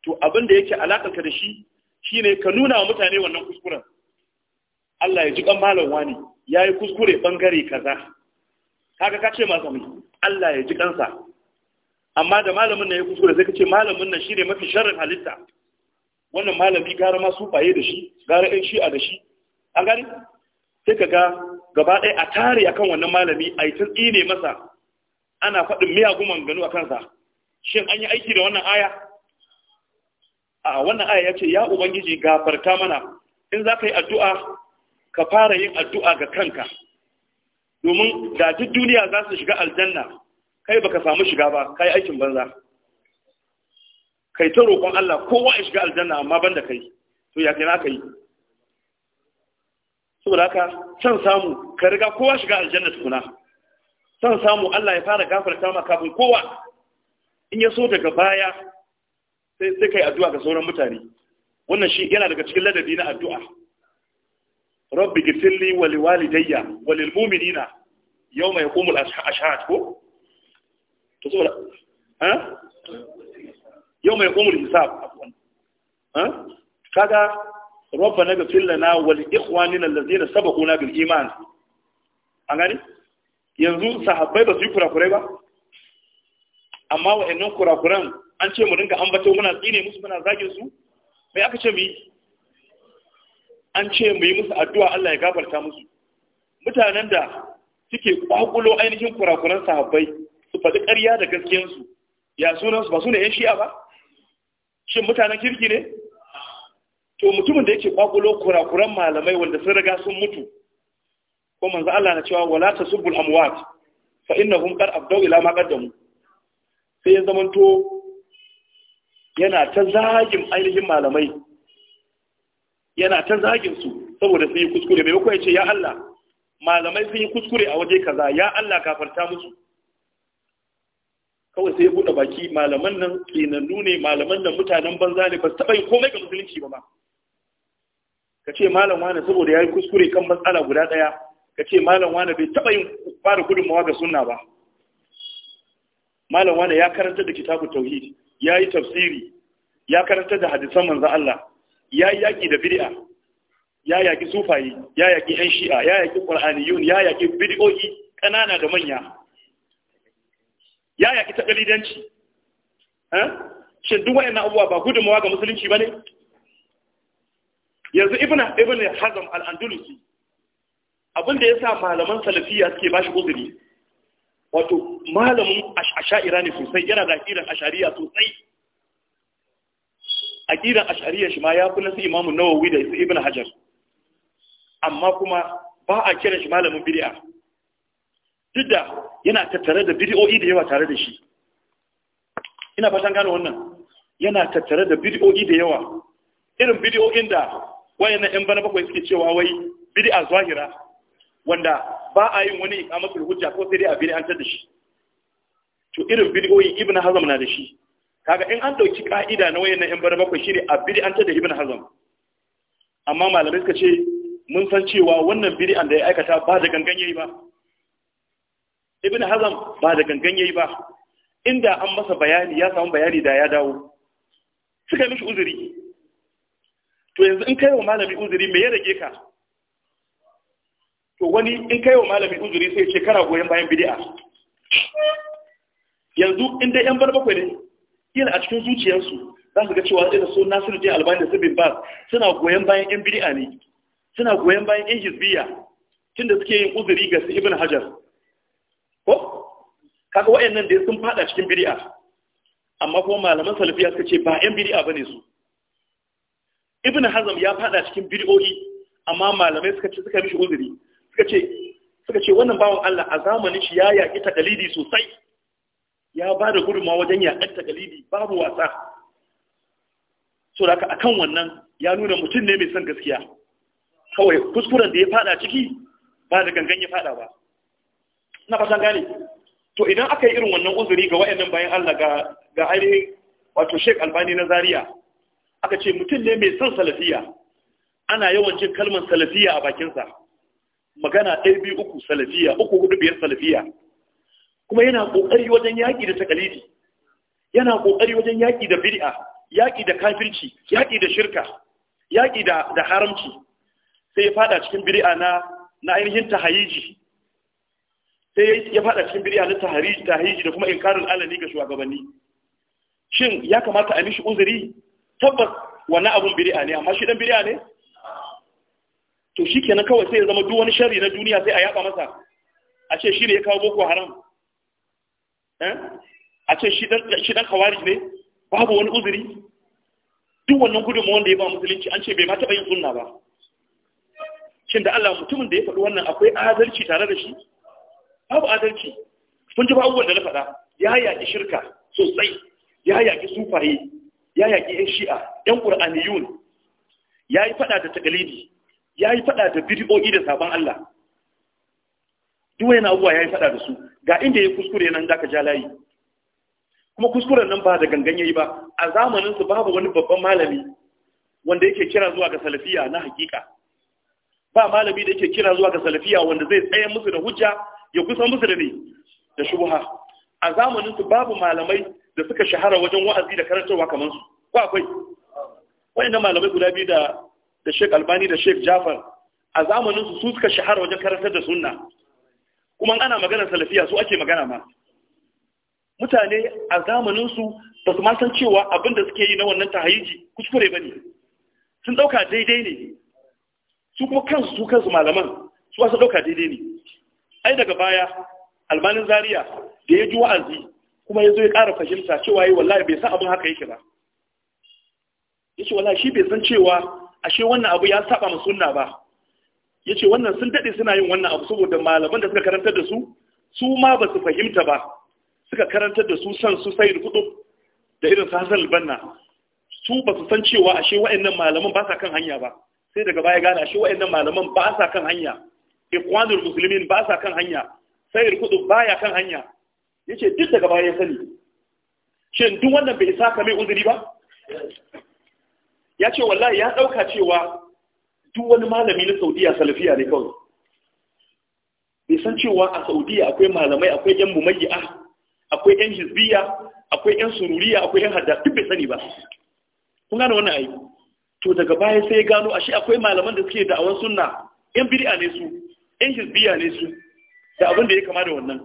to abin da yake alakarka da shi shine ka nuna wa mutane wannan kuskuren Allah ya ji kan malam wani ya yi kuskure bangare kaza kaga ka ce masa mai Allah ya ji kansa amma da malamin nan ya kuskure sai ka ce malamin nan shine mafi sharrin halitta wannan malami gara ma su faye da shi gara ɗan shi'a da shi an gani sai ka ga gaba ɗaya a tare akan wannan malami a yi ne masa ana faɗin miyagun manganu a kansa shin an yi aiki da wannan aya a wannan aya ya ce ya ubangiji gafarta mana in za ka yi addu'a ka fara yin addu'a ga kanka domin da duk duniya za su shiga aljanna kai baka samu shiga ba kai aikin banza kai ta roƙon Allah kowa ya shiga aljanna amma ban da kai to ya kai naka yi saboda haka can samu ka riga kowa shiga aljanna tukuna son samu Allah ya fara gafarta ma kafin kowa in ya so daga baya sai sai kai addu'a ga sauran mutane wannan shi yana daga cikin ladabi na addu'a rabbi gifirli wa liwalidayya wa lil mu'minina yawma yaqumul ashhad ko to so ha yawma yaqumul hisab ha kaga rabbana gifir lana wa li ikhwanina allazina sabaquna bil iman an gani yanzu sahabbai ba su yi kurakurai ba amma wa'annan kurakuran an ce mu dinga ambato muna tsine musu muna zage su mai aka ce mu yi an ce mu yi musu addu'a Allah ya gafarta musu mutanen da suke kwakulo ainihin kurakuran sahabbai su faɗi ƙarya da su ya su ba su ne 'yan shi'a ba shin mutanen kirki ne to mutumin da yake kwakulo kurakuran malamai wanda sun riga sun mutu ko manzo Allah na cewa wala tasubbul amwat fa innahum qad abdaw ila ma qaddamu sai ya zamanto yana ta zagin ainihin malamai yana ta zagin su saboda sun yi kuskure mai kuwa ya ce ya Allah malamai sun yi kuskure a waje kaza ya Allah kafarta musu kawai sai ya bude baki malaman nan kenan ne malaman nan mutanen banza ne ba su taɓa yi komai ga musulunci ba ma ka ce malam wani saboda ya yi kuskure kan matsala guda ɗaya ka ce malam wani bai taɓa yin bada gudunmawa ga sunna ba malam wani ya karanta da kitabun tauhid ya yi tafsiri ya karanta da hadisan manzo Allah ya yi yaƙi da bid'a ya yaƙi sufayi ya yaƙi yan shi'a ya yaƙi qur'aniyun ya yaƙi bid'o'i ƙanana da manya ya yaƙi taƙalidanci eh? shin duk waɗannan abubuwa ba gudunmawa ga musulunci ba ne yanzu ibn ibn hazm al-andalusi abin da ya sa malaman salafiya suke ba shi uzuri wato malamin ashari'a ne sosai yana da akidar ashariya sosai akidar ashariya shi ma ya fi nasu imamu nawawi da isa ibn hajar amma kuma ba a kira shi malamin bid'a duk da yana tattare da bid'o'i da yawa tare da shi ina fatan gano wannan yana tattare da bid'o'i da yawa irin bid'o'in da wayannan yan bana bakwai suke cewa wai bid'a zahira wanda ba a yin wani masu rubuta ko sai dai a an bid'antar da shi to irin bidiyoyi, ibnu hazm na da shi kaga in an dauki ka'ida na wayannan yan bar bakwai shine a bid'antar da ibnu hazm amma malamai suka ce mun san cewa wannan bid'an da ya aikata ba da gangan yayi ba ibnu hazm ba da gangan yayi ba inda an masa bayani ya samu bayani da ya dawo suka mishi uzuri to yanzu in kai wa malami uzuri me ya rage ka to wani in kai wa malami uzuri sai ce kana goyon bayan bid'a yanzu in dai yan bar bakwai ne yana a cikin zuciyarsu za su ga cewa irin so nasiru jin albani da sabin bas suna goyon bayan yan bid'a ne suna goyon bayan yan hizbiya tunda suke yin uzuri ga su ibn hajar ko kaga wayannan da sun fada cikin bid'a amma kuma malaman salafiya suka ce ba yan bid'a bane su ibn hazm ya fada cikin bid'o'i amma malamai suka ce suka mishi uzuri suka ce suka ce wannan bawan Allah a zamanin shi ya yaƙi takalidi sosai ya ba da gudunmawa wajen yaƙar takalidi babu wasa so da akan wannan ya nuna mutum ne mai son gaskiya kawai kuskuren da ya fada ciki ba da gangan ya fada ba na fasan gane to idan aka yi irin wannan uzuri ga wayannan bayan Allah ga ga ainihin wato Sheikh Albani na Zaria aka ce mutum ne mai son salafiya ana yawan jin kalmar salafiya a bakinsa magana ɗaya biyu uku salafiya uku hudu biyar salafiya kuma yana ƙoƙari wajen yaƙi da takalidi yana ƙoƙari wajen yaƙi da bid'a yaƙi da kafirci yaƙi da shirka yaƙi da da haramci sai ya fada cikin bid'a na na ainihin tahayiji sai ya fada cikin bid'a na tahayiji tahayiji da kuma inkarin alani ga shugabanni shin ya kamata a mishi uzuri tabbas wani abun bid'a ne amma shi dan bid'a ne to shi kenan kawai sai ya zama duk wani shari na duniya sai a yaba masa a ce shi ne ya kawo boko haram eh? a ce shi dan kawari ne babu wani uzuri duk wannan gudunmu wanda ya ba musulunci an ce bai ma taɓa yin sunna ba shin da Allah mutumin da ya faɗi wannan akwai adalci tare da shi babu adalci kun ji ba abubuwan da na faɗa ya yaƙi shirka sosai ya yaƙi sufaye ya yaƙi yan shi'a yan ƙur'aniyun ya yi faɗa da takalidi ya yi fada da bidiyoyi da sabon Allah duwai na abuwa ya yi faɗa da su ga inda ya kuskure nan za ka ja layi kuma kuskuren nan ba da gangan ya yi ba a zamaninsu babu wani babban malami wanda yake kira zuwa ga salafiya na hakika ba malami da yake kira zuwa ga salafiya wanda zai tsaya musu da hujja ya kusa musu da ne da shubha a zamaninsu babu malamai da suka shahara wajen wa'azi da karantarwa kamar su ko akwai wayannan malamai guda biyu da da Sheikh Albani da Sheikh Jafar a zamanin su suka shahara wajen karantar da sunna kuma ana magana salafiya su ake magana ma mutane a zamanin su ba su ma san cewa abin da suke yi na wannan tahayiji kuskure bane sun dauka daidai ne su kuma kansu su kansu malaman su wasu dauka daidai ne ai daga baya albanin zaria da ya ji wa'azi kuma ya zo ya ƙara fahimta cewa yi wallahi bai san abin haka yake ba yace ce wallahi shi bai san cewa ashe wannan abu ya saba mu sunna ba yace wannan sun dade suna yin wannan abu saboda malaman da suka karantar da su su ma ba su fahimta ba suka karantar da su san su sai rubutu da irin su Hassan Banna su ba su san cewa ashe wayannan malaman ba sa kan hanya ba sai daga baya gane ashe wayannan malaman ba sa kan hanya ikwanul muslimin ba sa kan hanya sai ba baya kan hanya yace duk daga baya ya sani shin duk wannan bai isa ka mai uzuri ba ya ce wallahi ya ɗauka cewa duk wani malami na saudiya salafiya ne kawai bai san cewa a saudiya akwai malamai akwai yan mumayya akwai yan hizbiya akwai yan sururiya akwai yan hadda duk bai sani ba kun gane wannan ayi to daga baya sai ya gano ashe akwai malaman da suke da'awan sunna yan bid'a ne su yan hizbiya ne su da abin da ya kama da wannan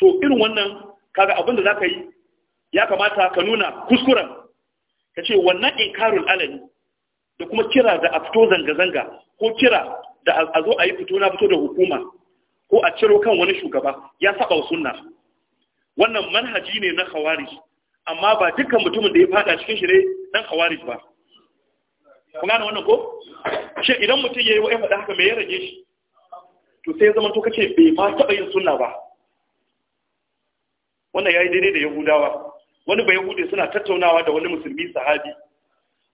to irin wannan kaga abin da zaka yi ya kamata ka nuna kuskuren ta ce wannan inkarul alali da kuma kira da a fito zanga-zanga ko kira da a zo a yi fito na fito da hukuma ko a ciro kan wani shugaba ya saba wa sunna wannan manhaji ne na khawarij amma ba dukkan mutumin da ya fada cikin shi ne dan khawarij ba Ku gane wannan ko shi idan mutum yayi wa ya faɗa haka me ya rage shi to sai zaman to kace bai ma taba yin sunna ba wannan yi daidai da yahudawa wani bai hude suna tattaunawa da wani musulmi sahabi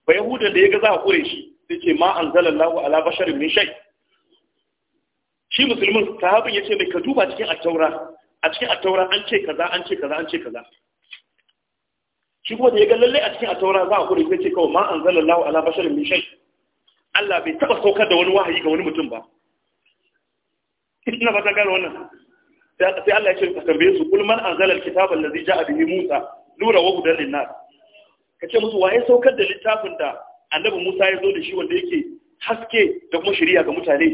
bai hude da ya ga za a kure shi sai ce ma an zala lahu ala bashar min shai shi musulmin sahabin ya ce mai ka duba cikin attaura a cikin attaura an ce kaza an ce kaza an ce kaza shi kuma da ya ga lalle a cikin attaura za a kure sai ce kawai ma an zala lahu ala bashar min shai Allah bai taba saukar da wani wahayi ga wani mutum ba ina ba ta gane wannan sai Allah ya ce ka tambaye su kul man anzala alkitaba allazi ja'a bihi Musa nura wa gudan linnas ka ce musu waye saukar da littafin da annabi Musa ya zo da shi wanda yake haske da kuma shari'a ga mutane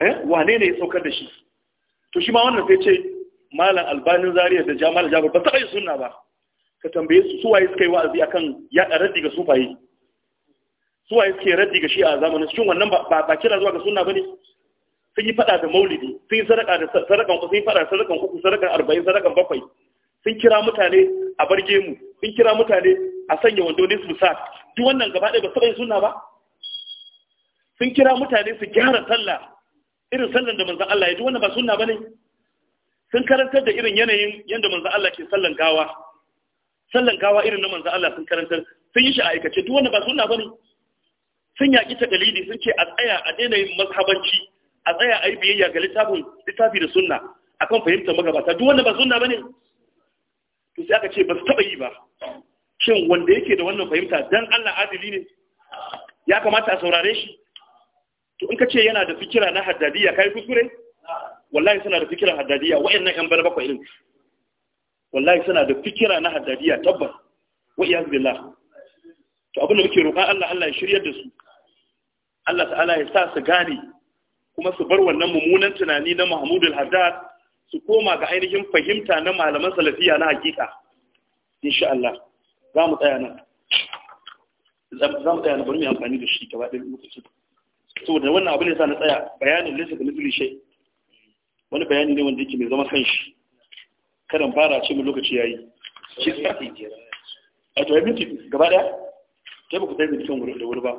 eh wane ne ya saukar da shi to shi ma wannan sai ce malam albanin zariya da jamal jabir ba ta yi sunna ba ka tambaye su suwaye suka yi wa'azi akan yaɗa raddi ga sufaye suwaye suke raddi ga shi a zamanin shin wannan ba ba kira zuwa ga sunna bane sun yi fada da maulidi sun yi sadaka da sadakan sun yi fada sadakan ku sadakan 40 sadakan bakwai sun kira mutane a barge mu sun kira mutane a sanya wando ne su sa duk wannan gaba ɗaya ba su yi suna ba sun kira mutane su gyara sallah irin sallan da manzon Allah ya duk wannan ba ba bane sun karantar da irin yanayin yanda manzon Allah ke sallan gawa sallan gawa irin na manzon Allah sun karantar sun yi shi a aikace duk wannan ba sunna bane sun yaƙi ta dalili sun ce a tsaya a daina yin mazhabanci a tsaya a yi biyayya ga littafin littafi da sunna akan fahimtar magabata duk wannan ba sunna bane to sai aka ce ba su taɓa yi ba shin wanda yake da wannan fahimta dan Allah adili ne ya kamata a saurare shi to in ka ce yana da fikira na haddadiya kai kuskure wallahi suna da fikira haddadiya wayannan yan bar bakwai din wallahi suna da fikira na haddadiya tabbas wa iyaz billah to abin da muke roƙa Allah Allah ya shiryar da su Allah ta'ala ya sa su gane kuma su bar wannan mummunan tunani na Mahmudul haddad su koma ga ainihin fahimta na malaman salafiya na hakika insha Allah za mu tsaya nan za mu tsaya nan bari mu amfani da shi gaba ɗaya lokacin saboda wannan abu ne sa na tsaya bayanin lissa da misali shai wani bayani ne wanda yake mai zama kan shi karan fara ce mu lokaci yayi a to yabi gaba ɗaya sai ba ku tsaye da cikin da wuri ba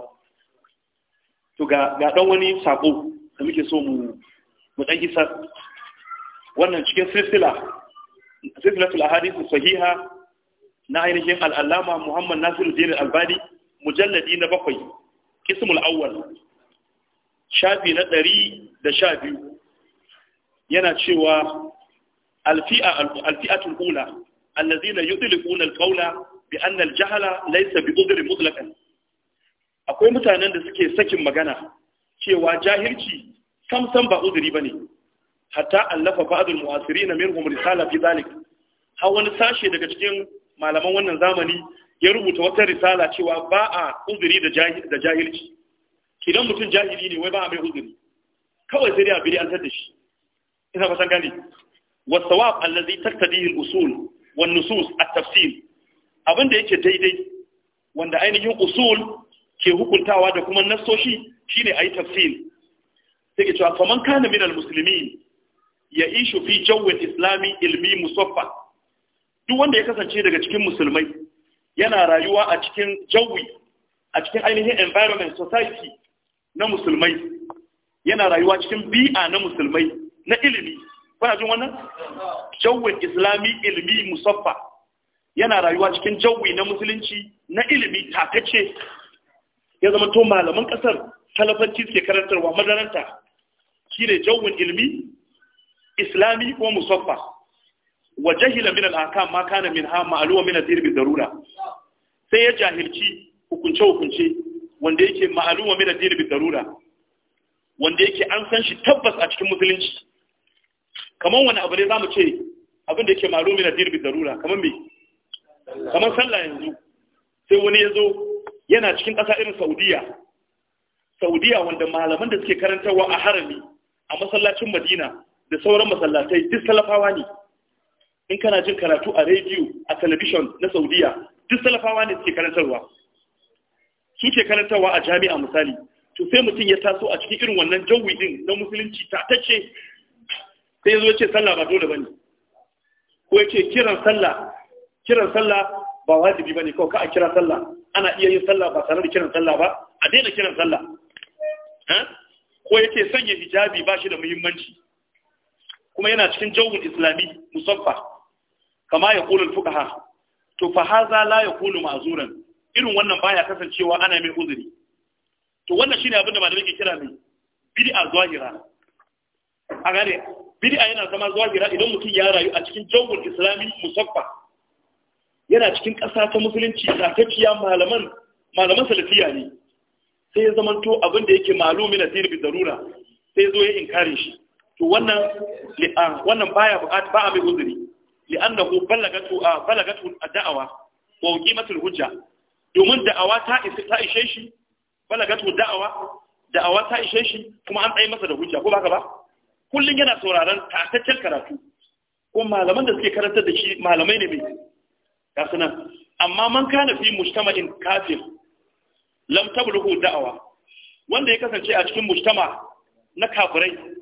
to ga ga dan wani sako da muke so mu mu dan kisa. wannan cikin silsila silsilatul ahadithu sahiha na ainihin al'alama Muhammad Nasiruddin Albani mujalladi na bakwai kismul awwal shafi na ɗari da sha biyu yana cewa alfi'atul ula allazina yudliquna alqawla bi anna aljahala laysa bi udri mutlaqan akwai mutanen da suke sakin magana cewa jahilci sam sam ba udri bane hatta allafa ba'dul mu'asirin minhum risala fi zalik har wani sashe daga cikin malaman wannan zamani ya rubuta wata risala cewa ba a uzuri da jahilci idan mutum jahili ne wai ba a mai uzuri kawai sai dai a biri an tada shi ina fatan gane wasawab allazi taktadihi al-usul wan nusus at-tafsil abinda yake daidai wanda ainihin usul ke hukuntawa da kuma nassoshi shine ayi tafsil sai ke cewa faman kana min al-muslimin ya ishu fi jawwin islami ilmi musaffa duk wanda ya kasance daga cikin musulmai yana rayuwa a cikin jawi a cikin ainihin environment society na musulmai yana rayuwa cikin bi'a na musulmai na ilimi kuna jin wannan jawwin islami ilmi musaffa yana rayuwa cikin jawi na musulunci na ilimi takace ya zama to malaman kasar talafanci suke karantarwa madaranta shine jawwin ilmi islami ko musaffa wa jahila min al-ahkam ma kana min ha ma'luma min al bi darura sai ya jahilci hukunce hukunce wanda yake ma'luma min al bi darura wanda yake an san shi tabbas a cikin musulunci kaman wani abu ne zamu ce abin da yake ma'luma min al bi darura kaman me kaman sallah yanzu sai wani yazo yana cikin ƙasa irin Saudiya Saudiya wanda malaman da suke karantarwa a harami a masallacin Madina da sauran masallatai duk salafawa ne in kana jin karatu a rediyo a talabishin na saudiya duk salafawa ne suke karantarwa su ke karantarwa a jami'a misali to sai mutum ya taso a cikin irin wannan jawi din na musulunci ta ta ce. sai zo ce sallah ba dole bane ko ya ce kiran sallah kiran sallah ba wajibi bane ko ka a kira sallah ana iya yin sallah ba tare da kiran sallah ba a daina kiran sallah ko ce sanya hijabi ba shi da muhimmanci kuma yana cikin jawun islami musamman kama ya fuka ha, to fa haza la yakulu ma'azuran irin wannan baya kasancewa ana mai uzuri to wannan shine abin da malamai ke kira mai bid'a zahira a gare bid'a yana zama zahira idan mutum ya rayu a cikin jawun islami musamman yana cikin ƙasa ta musulunci tsakaciya malaman malaman salafiya ne sai ya zamanto abin da yake malumi na sirri darura sai zo ya inkare shi to wannan ah, wannan baya buƙata ba a mai uzuri li'annahu balagatu ah, balagatu ad'awa wa qimatul hujja domin da'awa ta ta ishe shi balagatu da'awa da'awa ta ishe shi kuma an tsaye masa da hujja ko baka ba kullun yana sauraron tataccen karatu ko malaman da suke karantar da shi malamai ne mai ga sunan amma man kana fi mujtama'in kafir lam tabluhu da'awa wanda ya kasance a cikin mujtama na kafirai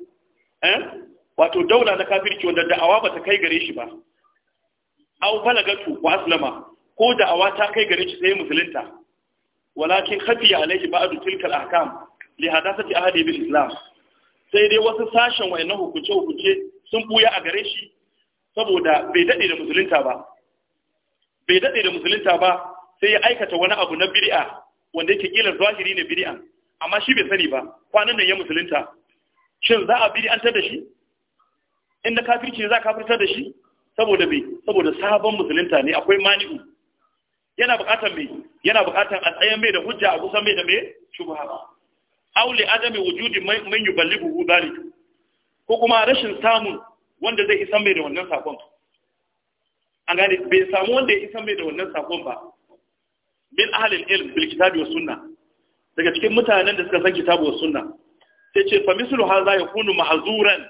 Eh? wato daula na kafirci wanda da'awa ba ta kai gare shi ba aw balagatu wa aslama ko da'awa ta kai gare shi sai musulunta walakin khafi alayhi ba'du tilka al-ahkam li hadathati ahli bil islam sai dai wasu sashen wayannan hukunce hukunce sun buya a gare shi saboda bai dade da musulunta ba bai dade da musulunta ba sai ya aikata wani abu na bid'a wanda yake kila zahiri ne bid'a amma shi bai sani ba kwanan nan ya musulunta shin za a bid'antar da shi inda kafirci ne za a kafirtar da shi saboda me saboda sabon musulunta ne akwai mani'u yana bukatar mai yana bukatar a mai da hujja a kusan mai da mai shubha aule adami wujudi man yuballighu dhalik ko kuma rashin samun wanda zai isa mai da wannan sakon an gane bai samu wanda ya isa mai da wannan sakon ba min ahlil ilm bil kitabi was sunna daga cikin mutanen da suka san kitabu was sunna sai ce fa mislu hadha yakunu mahzuran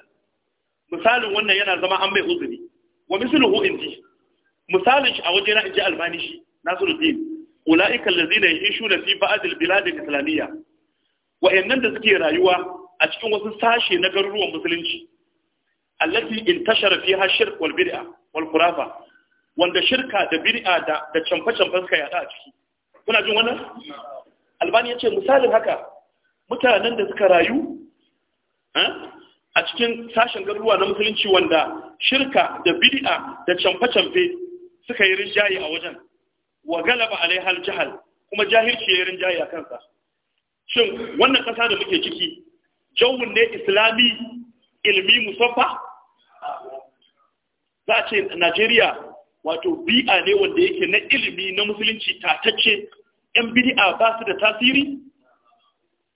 misalin wannan yana zama an bai uzuri wa misluhu indi misalin shi a waje na inji albani shi nasiruddin ulaika allazina yashuna fi ba'd albilad alislamiyya wa'annan da suke rayuwa a cikin wasu sashe na garuruwan musulunci allati intashara fiha shirk wal bid'a wal khurafa wanda shirka da bid'a da da canfa canfa suka yada a ciki kuna jin wannan albani yace misalin haka mutanen da suka rayu eh, a cikin sashen garuruwa na musulunci wanda shirka da bid'a da camfe-camfe suka yi rinjaye a wajen wa galaba alaihal jihar kuma jahilci ya rinjaye a kansa shin wannan ƙasa da muke ciki jawun ne islami ilmi musaffa za a ce najeriya wato bi'a ne wanda yake na ilimi na musulunci tatacce yan bid'a ba su da tasiri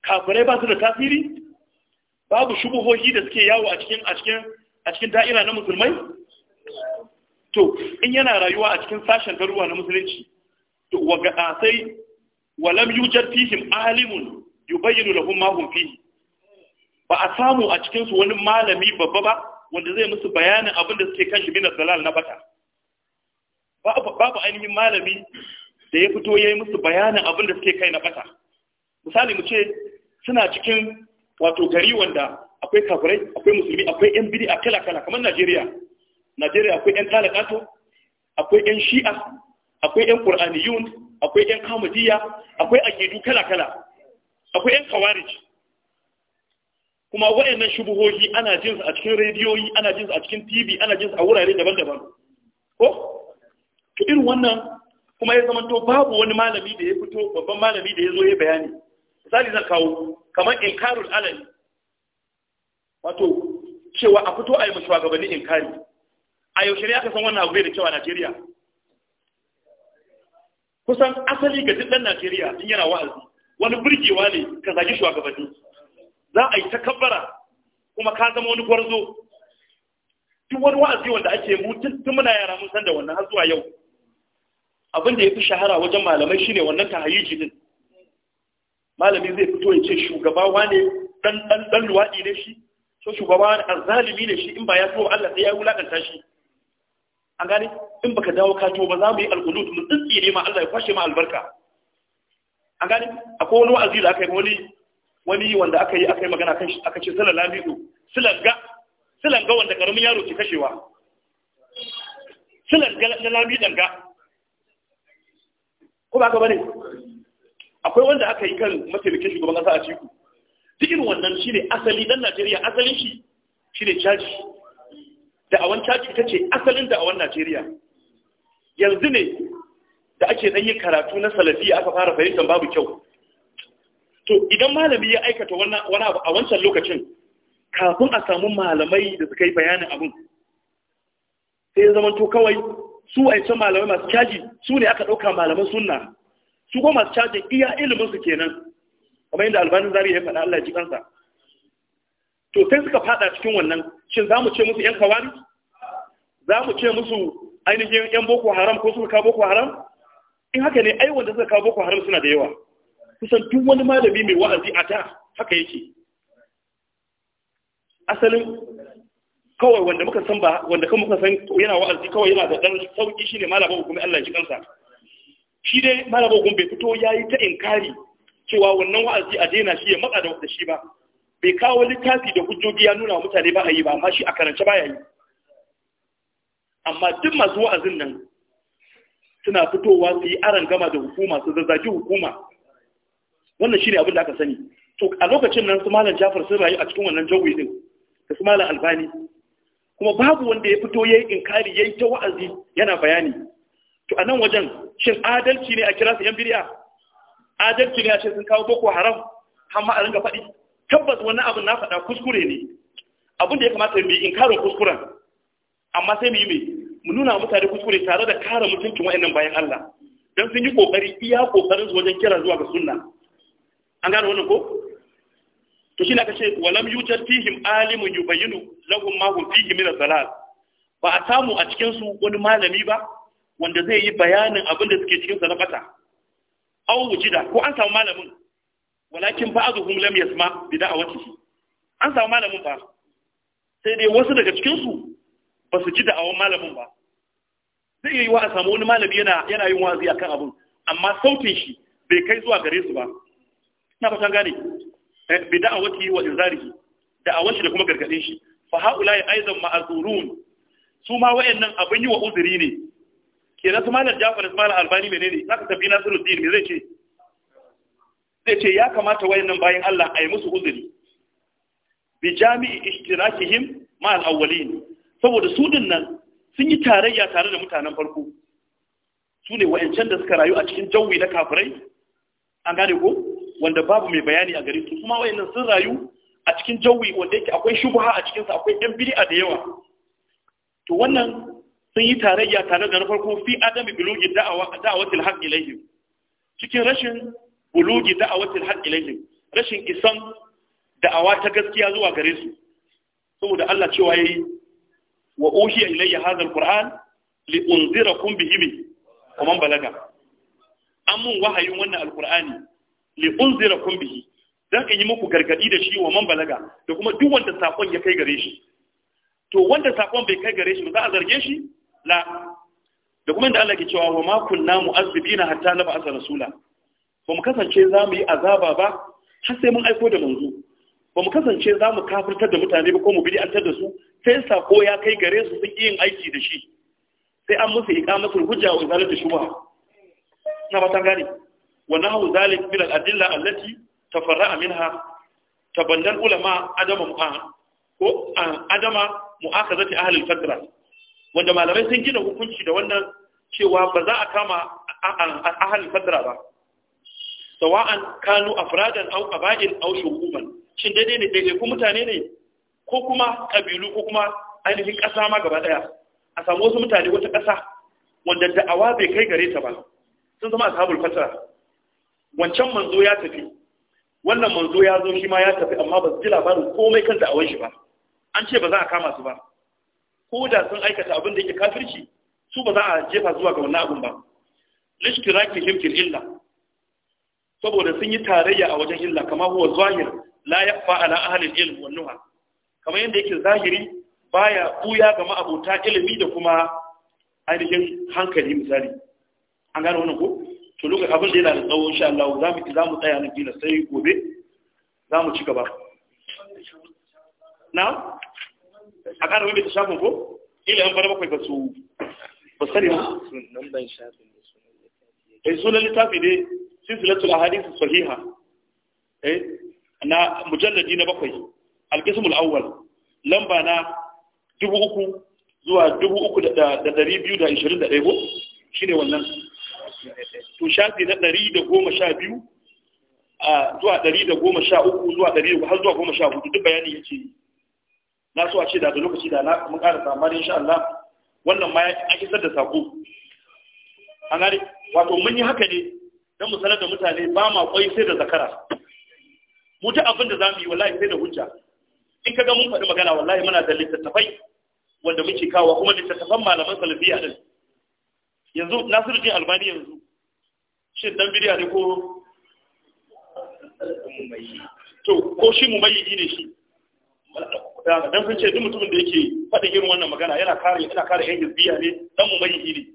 kafirai ba su da tasiri babu shubuhohi da suke yawo a cikin da'ira na musulmai to in yana rayuwa a cikin sashen garuwa na musulunci to wa gada sai walam yujad fihim alimun yubayyinu lahum ma hum fihi ba a samu a cikin su wani malami babba ba wanda zai musu bayanin abin da suke kan shi bin dalal na bata babu ainihin malami da ya fito ya yi musu bayanin abin da suke kai na bata misali mu ce suna cikin wato gari wanda akwai kafirai akwai musulmi akwai yan a kala kala kamar Najeriya Najeriya akwai yan talakato akwai yan shi'a akwai yan qur'aniyun akwai yan kamadiya akwai akidu kala kala akwai yan kawarij kuma wayannan shubuhohi ana jin su a cikin rediyoyi ana jin a cikin TV ana jin a wurare daban-daban ko to irin wannan kuma ya zama to babu wani malami da ya fito babban malami da ya zo ya bayani misali zan kawo kamar inkarul alani wato cewa a fito a yi mashi shugabanni inkari a yaushe ne aka san wannan abu da cewa Najeriya kusan asali ga duk ɗan Najeriya in yana wa'azi wani burgewa ne ka zagi shugabanni za a yi ta kabbara kuma ka zama wani gwarzo duk wani wa'azi wanda ake mutun tun muna yara mun san da wannan har zuwa yau abin da ya fi shahara wajen malamai shine wannan tahayyuji din malami zai fito ya ce shugaba ne dan dan dan luwadi ne shi so shugaba wani azzalimi ne shi in ba ya so Allah sai ya wulakanta shi an gane in baka dawo ka to ba za mu yi alqunut mun ne ma Allah ya kwashe ma albarka an gane akwai wani wa'azi da aka yi wani wani wanda aka yi aka yi magana kan shi aka ce sala alaihi silanga silanga wanda karamin yaro ke kashewa silanga na lami danga ko ba ka bane akwai wanda aka yi kan mataimakin shugaban kasa a ciku cikin wannan shine asali dan Najeriya asalin shi shine caji da caji ita ce asalin da Najeriya yanzu ne da ake ɗanyi karatu na salafi aka fara fahimtar babu kyau to idan malami ya aikata wani abu a wancan lokacin kafin a samu malamai da suka yi bayanin abin sai ya zama to kawai su a malamai masu caji su ne aka ɗauka malaman sunna su goma su caje iya ilimin su kenan kamar yadda albanin zari ya faɗa Allah ji kansa to sai suka fada cikin wannan shin za mu ce musu yan kawari za mu ce musu ainihin yan boko haram ko suka kawo boko haram in haka ne ai wanda suka kawo boko haram suna da yawa kusan duk wani malami mai wa'azi a da haka yake asalin kawai wanda muka san ba wanda kan muka san yana wa'azi kawai yana da dan sauki shine malamin hukumar Allah ya ji kansa shi dai malamin gun bai fito ya yi ta inkari cewa wannan wa'azi a daina shi ya matsa da shi ba bai kawo littafi da hujjoji ya nuna mutane ba a yi ba amma shi a karance baya yi amma duk masu wa'azin nan suna fitowa su yi aran gama da hukuma su zazzaki hukuma wannan shi ne abin da aka sani to a lokacin nan su malam jafar sun rayu a cikin wannan jawo din da su malam albani kuma babu wanda ya fito ya yi inkari ya yi ta wa'azi yana bayani to anan wajen shin adalci ne a kira su yan bid'a adalci ne a ce sun kawo boko haram har ma a ringa faɗi tabbas wani abin na faɗa kuskure ne abin da ya kamata mu yi inkarin kuskuren amma sai mu yi mai mu nuna mutane kuskure tare da kare mutuncin wa'annan bayan Allah dan sun yi kokari iya kokarin su wajen kira zuwa ga sunna an gane wannan ko to shi na kace walam yujar fihim alimun yubayinu lahum ma hum fihi min dalal ba a samu a cikin su wani malami ba wanda zai yi bayanin abin da suke cikin na bata aw wujida ko an samu malamin walakin ba'dhum lam yasma bi da'awatihi an samu malamin ba sai dai wasu daga cikin su ba su ji da'awar malamin ba zai yi wa a samu wani malami yana yana yin wazi akan abin amma sautin shi bai kai zuwa gare su ba ina fatan gane eh, bi da'awatihi wa izarihi da'awan shi da kuma gargadin shi fa haula ya aizan ma'azurun su ma wayannan abin yi wa uzuri ne kenan su malar jafar su malar albani ne? za ka tafi nasiruddin me zai ce zai ce ya kamata wayannan bayan Allah a yi musu uzuri bi jami'i ishtirakihim ma al-awwalin saboda su din nan sun yi tarayya tare da mutanen farko su ne wayancan da suka rayu a cikin jawi na kafirai an gane ko wanda babu mai bayani a gare su kuma wayannan sun rayu a cikin jawi wanda yake akwai shubha a cikin akwai yan bid'a da yawa to wannan sun yi tarayya tare da na farko fi adami bulugi da'awatul haqq ilayhim cikin rashin bulugi da'awatul haqq ilayhim rashin isan da'awa ta gaskiya zuwa gare su saboda Allah cewa yayi wa uhi ilayya hadha alquran li unzirakum bihi bi kuma balaga an mun wahayin wannan alqur'ani li unzirakum bihi dan in yi muku gargadi da shi wa man balaga da kuma duk wanda sakon ya kai gare shi to wanda sakon bai kai gare shi ba za a zarge shi la da kuma inda Allah ke cewa wa ma kunna mu'azzibina hatta la ba'atha rasula ba mu kasance za mu yi azaba ba har sai mun aiko da manzo ba mu kasance za mu kafirtar da mutane ba ko mu bid'antar da su sai ko ya kai gare su sun yin aiki da shi sai an musu iqamatul hujja wa izalatu shubha na ba ta gane wa nahu zalik bil adilla allati tafarra'a minha tabandal ulama adama mu'a ko adama mu'akhazati ahli al wanda malamai sun gina hukunci da wannan cewa ba za a kama ahal fatra ba kano kanu afradan au qaba'il au shukuman shin daidai ne daidai ku mutane ne ko kuma kabilu ko kuma ainihin ƙasa ma gaba ɗaya a samu wasu mutane wata ƙasa wanda da'awa bai kai gare ta ba sun zama ashabul fatra wancan manzo ya tafi wannan manzo ya zo shi ma ya tafi amma ba su ji labarin komai kan da'awar shi ba an ce ba za a kama su ba ko da sun aikata abin da yake kafirci su ba za a jefa zuwa ga wannan abin ba lishtirakihim fil illa saboda sun yi tarayya a wajen illa kama huwa zahir la yakfa ala ahli ilm wa nuha kamar yadda yake zahiri baya buya ga ma'abota ilimi da kuma ainihin hankali misali an gano wannan ko to lokacin abin da yana da tsawo insha Allah za mu za mu tsaya nan kila sai gobe za mu ci gaba na a ƙara mai shafin ko ila an bar bakwai ba su ba sani ba eh sunan littafi ne silsilatul ahadith sahiha eh na mujalladi na bakwai alqismul awwal lamba na dubu uku zuwa dubu uku da dari biyu da ashirin da ɗaya ko shi ne wannan to shafi na ɗari da goma sha biyu zuwa ɗari da goma sha uku zuwa ɗari da har zuwa goma sha hudu duk bayani yake yi na so a ce da lokaci da na mun ƙara samar insha Allah wannan ma ya isar da sako an gari wato mun yi haka ne don mu sanar da mutane ba ma kwai sai da zakara mu ta abin da zamu yi wallahi sai da hujja in kaga mun faɗi magana wallahi muna da littattafai wanda muke kawo kuma littattafan malaman salafiya din yanzu Nasiruddin Albani yanzu shin dan bidiya ne ko to ko shi mu mai ne shi dan kun ce duk mutumin da yake faɗin irin wannan magana yana kare yana kare yan hizbiya ne dan mu mai ne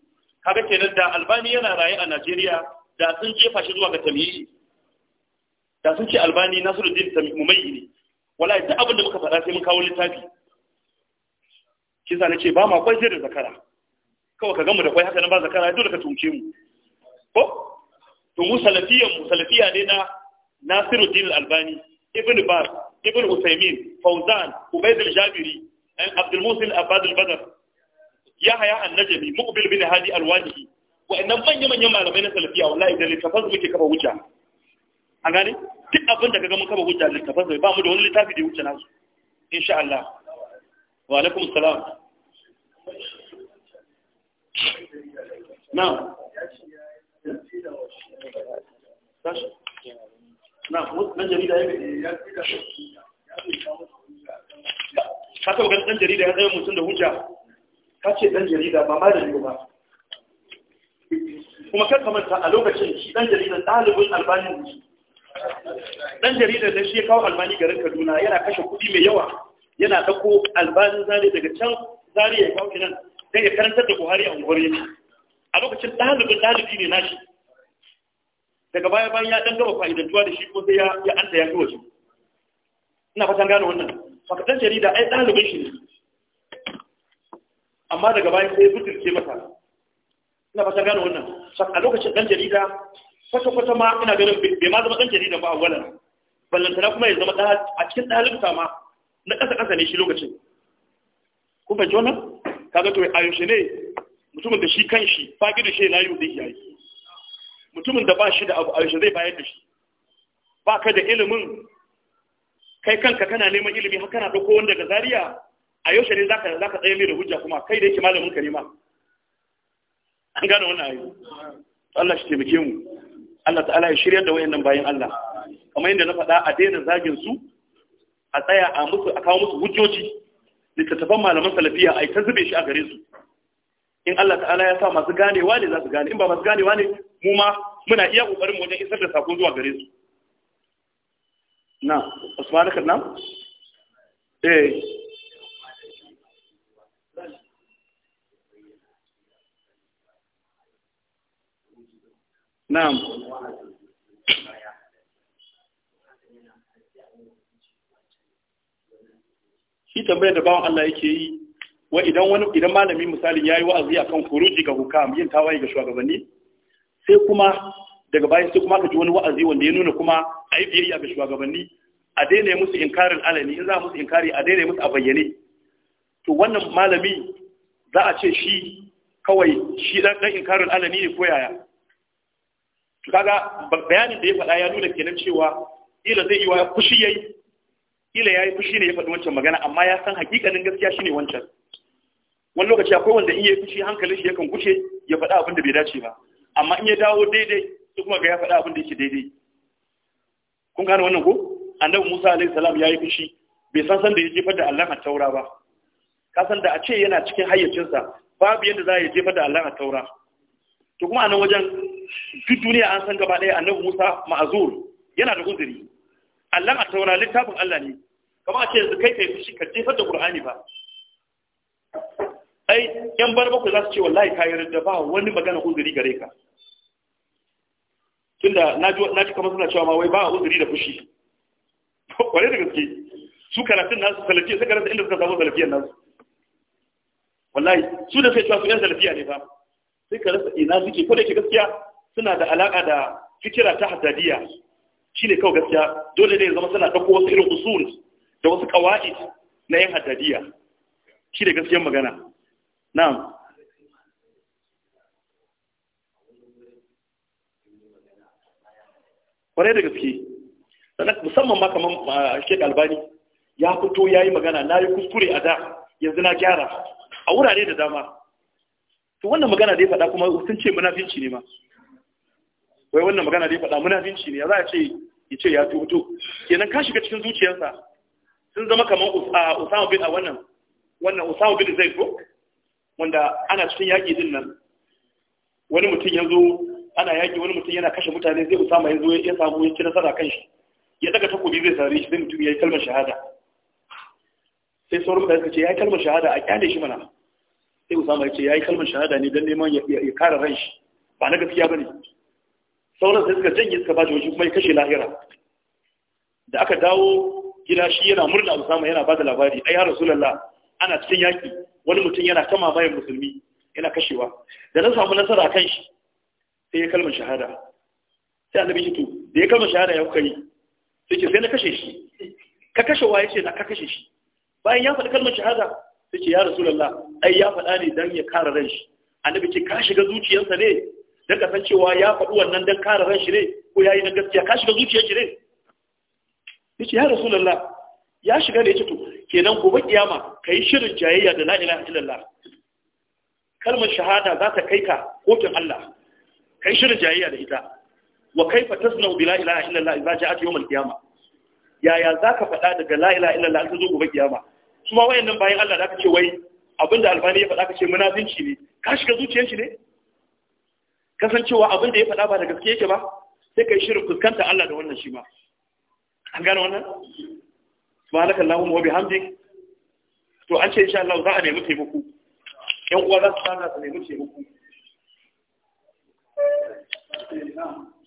kaga kenan da albani yana raye a Najeriya da sun jefa shi zuwa ga tamiyi da sun ce albani nasiruddin mu mai iri wallahi duk abin da muka faɗa sai mun kawo littafi kisa nace ba ma kwai sai da zakara kawai ka gamu da kwai haka nan ba zakara dole ka tunce mu ko to mu salafiyan mu salafiya ne na Nasiruddin Albani Ibn Baz ibn usaimin fauzan ubaid al-jabiri an abdul musil abad al-badr yahya an-najmi muqbil bin hadi al-wadihi wa'annan manya-manyan malamai na salafiya wallahi da littafan su muke kafa hujja an gane duk abin da kaga mun kafa hujja littafan su ba mu da wani littafi da hujja nasu insha Allah wa alaikum salam ka taɓa ganin ɗan jarida ya tsaye mutum da hujja ka ce ɗan jarida ba malami ba kuma kan kamanta a lokacin shi ɗan jaridan ɗalibin albanin ne ɗan jaridan da shi ya kawo albani garin kaduna yana kashe kuɗi mai yawa yana ɗauko albanin zari daga can zari ya kawo kinan sai ya karantar da buhari a unguwar yake a lokacin ɗalibin ɗalibi ne nashi daga baya bayan ya ɗan gaba fa'idantuwa da shi ko sai ya anta ya fi waje ina fatan gane wannan fakatan jarida ai ɗalibin shi ne amma daga bayan sai butulce masa ina fata gano wannan saka a lokacin dan jarida kwata kwata ma ina ganin bai ma zama dan jarida ba a wannan ballantana kuma ya zama a cikin ɗalibta ma na ƙasa ƙasa ne shi lokacin kun fahimci wannan ga to a yaushe ne mutumin da shi kan shi fagi da shi na yi zai yayi mutumin da ba shi da abu a yaushe zai bayar da shi ba ka da ilimin kai kanka kana neman ilimi har kana dauko wanda daga Zariya? a yaushe ne zaka zaka tsaye mai da hujja kuma kai da yake malamin ka ne ma an gane wannan ayi Allah shi taimake mu Allah ta'ala ya shiryar da wayannan bayan Allah kamar yadda na faɗa a daina zagin su a tsaya a musu a kawo musu hujjoji littattafan malaman salafiya a ta zube shi a gare su in Allah ta'ala ya sa masu ganewa ne za su gane in ba masu ganewa ne mu ma muna iya kokarin wajen isar da sako zuwa gare su na usmanaka na eh na'am shi tambayar da bawan Allah yake yi wa idan wani idan malami misali yayi wa'azi akan kuruji ga hukam yin tawaye ga shugabanni sai kuma daga bayan sai kuma ka ji wani wa'azi wanda ya nuna kuma a yi biyayya ga shugabanni a daina musu inkarin alani in za a musu inkari a daina musu a bayyane to wannan malami za a ce shi kawai shi dan dan inkarin alani ne ko yaya to kaga bayanin da ya faɗa ya nuna kenan cewa ila zai yi wa fushi yayi ila yayi fushi ne ya faɗi wancan magana amma ya san hakikanin gaskiya shine wancan wani lokaci akwai wanda in yi fushi hankalin shi yakan guce ya faɗa abin da bai dace ba amma in ya dawo daidai sai kuma ga ya faɗa abin da yake daidai kun gane wannan ko annabi Musa alaihi salam yayi fushi bai san san da ya jefar da Allah a taura ba ka san da a ce yana cikin hayyacinsa babu yadda za ya jefar da Allah a taura to kuma a nan wajen duk duniya an san gaba ɗaya annabi Musa ma'azur yana da uzuri Allah a taura littafin Allah ne kamar a ce yanzu kai kai fushi ka jefar da Qur'ani ba ai yan bar bakwai za su ce wallahi kayar da ba wani magana uzuri gare ka tunda na ji kamar suna cewa ma wai ba a uzuri da fushi kwarai da gaske su karatun nasu salafiya su karatun inda suka samu salafiyan nasu wallahi su da sai cewa su yan salafiya ne ba sai ka rasa ina suke ko da yake gaskiya suna da alaka da fikira ta haddadiya shine kawai gaskiya dole ne zama suna ɗauko wasu irin usul da wasu kawai na yan haddadiya shi da gaskiyar magana na'am kwarai da gaske sannan musamman ma kamar shek albani ya fito ya yi magana na yi kuskure a da yanzu na gyara a wurare da dama to wannan magana da ya faɗa kuma sun ce munafinci ne ma wai wannan magana da ya faɗa munafinci ne ya za a ce ya ce ya fito kenan ka shiga cikin zuciyarsa sun zama kamar usama bin a wannan wannan usama bin zai ko wanda ana cikin yaƙi din nan wani mutum ya zo ana yaki wani mutum yana kashe mutane zai usama ya zo ya samu ya ci nasara kan shi ya daga takobi zai sare shi zai mutum ya yi kalmar shahada sai sauran mutane suka ce ya yi kalmar shahada a kyale shi mana sai usama ya ce ya yi kalmar shahada ne don neman ya kare ran shi ba na gaskiya ba ne sauran sai suka janye suka bashi wajen kuma ya kashe lahira da aka dawo gida shi yana murna usama yana ba da labari ai ya rasulallah ana cikin yaki wani mutum yana kama bayan musulmi yana kashewa da na samu nasara kan shi sai ya kalmar shahada sai annabi shi to da ya kalmar shahada ya kuka yi sai ce sai na kashe shi ka kashe wa yace na ka kashe shi bayan ya faɗi kalmar shahada sai ce ya rasulullah ai ya faɗa ne dan ya kare ran shi annabi ce ka shiga zuciyarsa ne dan ka san cewa ya faɗi wannan dan kare ran shi ne ko yayi na gaskiya ka shiga zuciyar shi ne ce ya rasulullah ya shiga da yace to kenan gobe kiyama kai shirin jayayya da la ilaha illallah kalmar shahada za ta kai ka kotun Allah kai shirin jayayya da ita wa kaifa tasna'u bila la ilaha illallah idza ja'at yawm al ya yaya zaka faɗa daga la ilaha illallah ta zo gobe kiyama kuma wayannan bayan Allah da aka ce wai abinda albani ya fada ka ce munafinci ne ka shiga zuciyar shi ne kasancewa abinda ya faɗa ba da gaske yake ba sai kai shirin fuskanta Allah da wannan shi ma an gane wannan subhanaka allahumma wa bihamdik to an ce insha Allah za a nemi taimako yan uwa za su fara su nemi taimako Aliyahu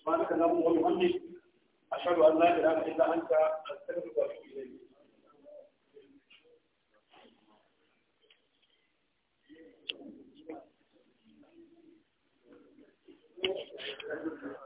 ta magana muku muhono wanne, asalwa ake da hankali ahanca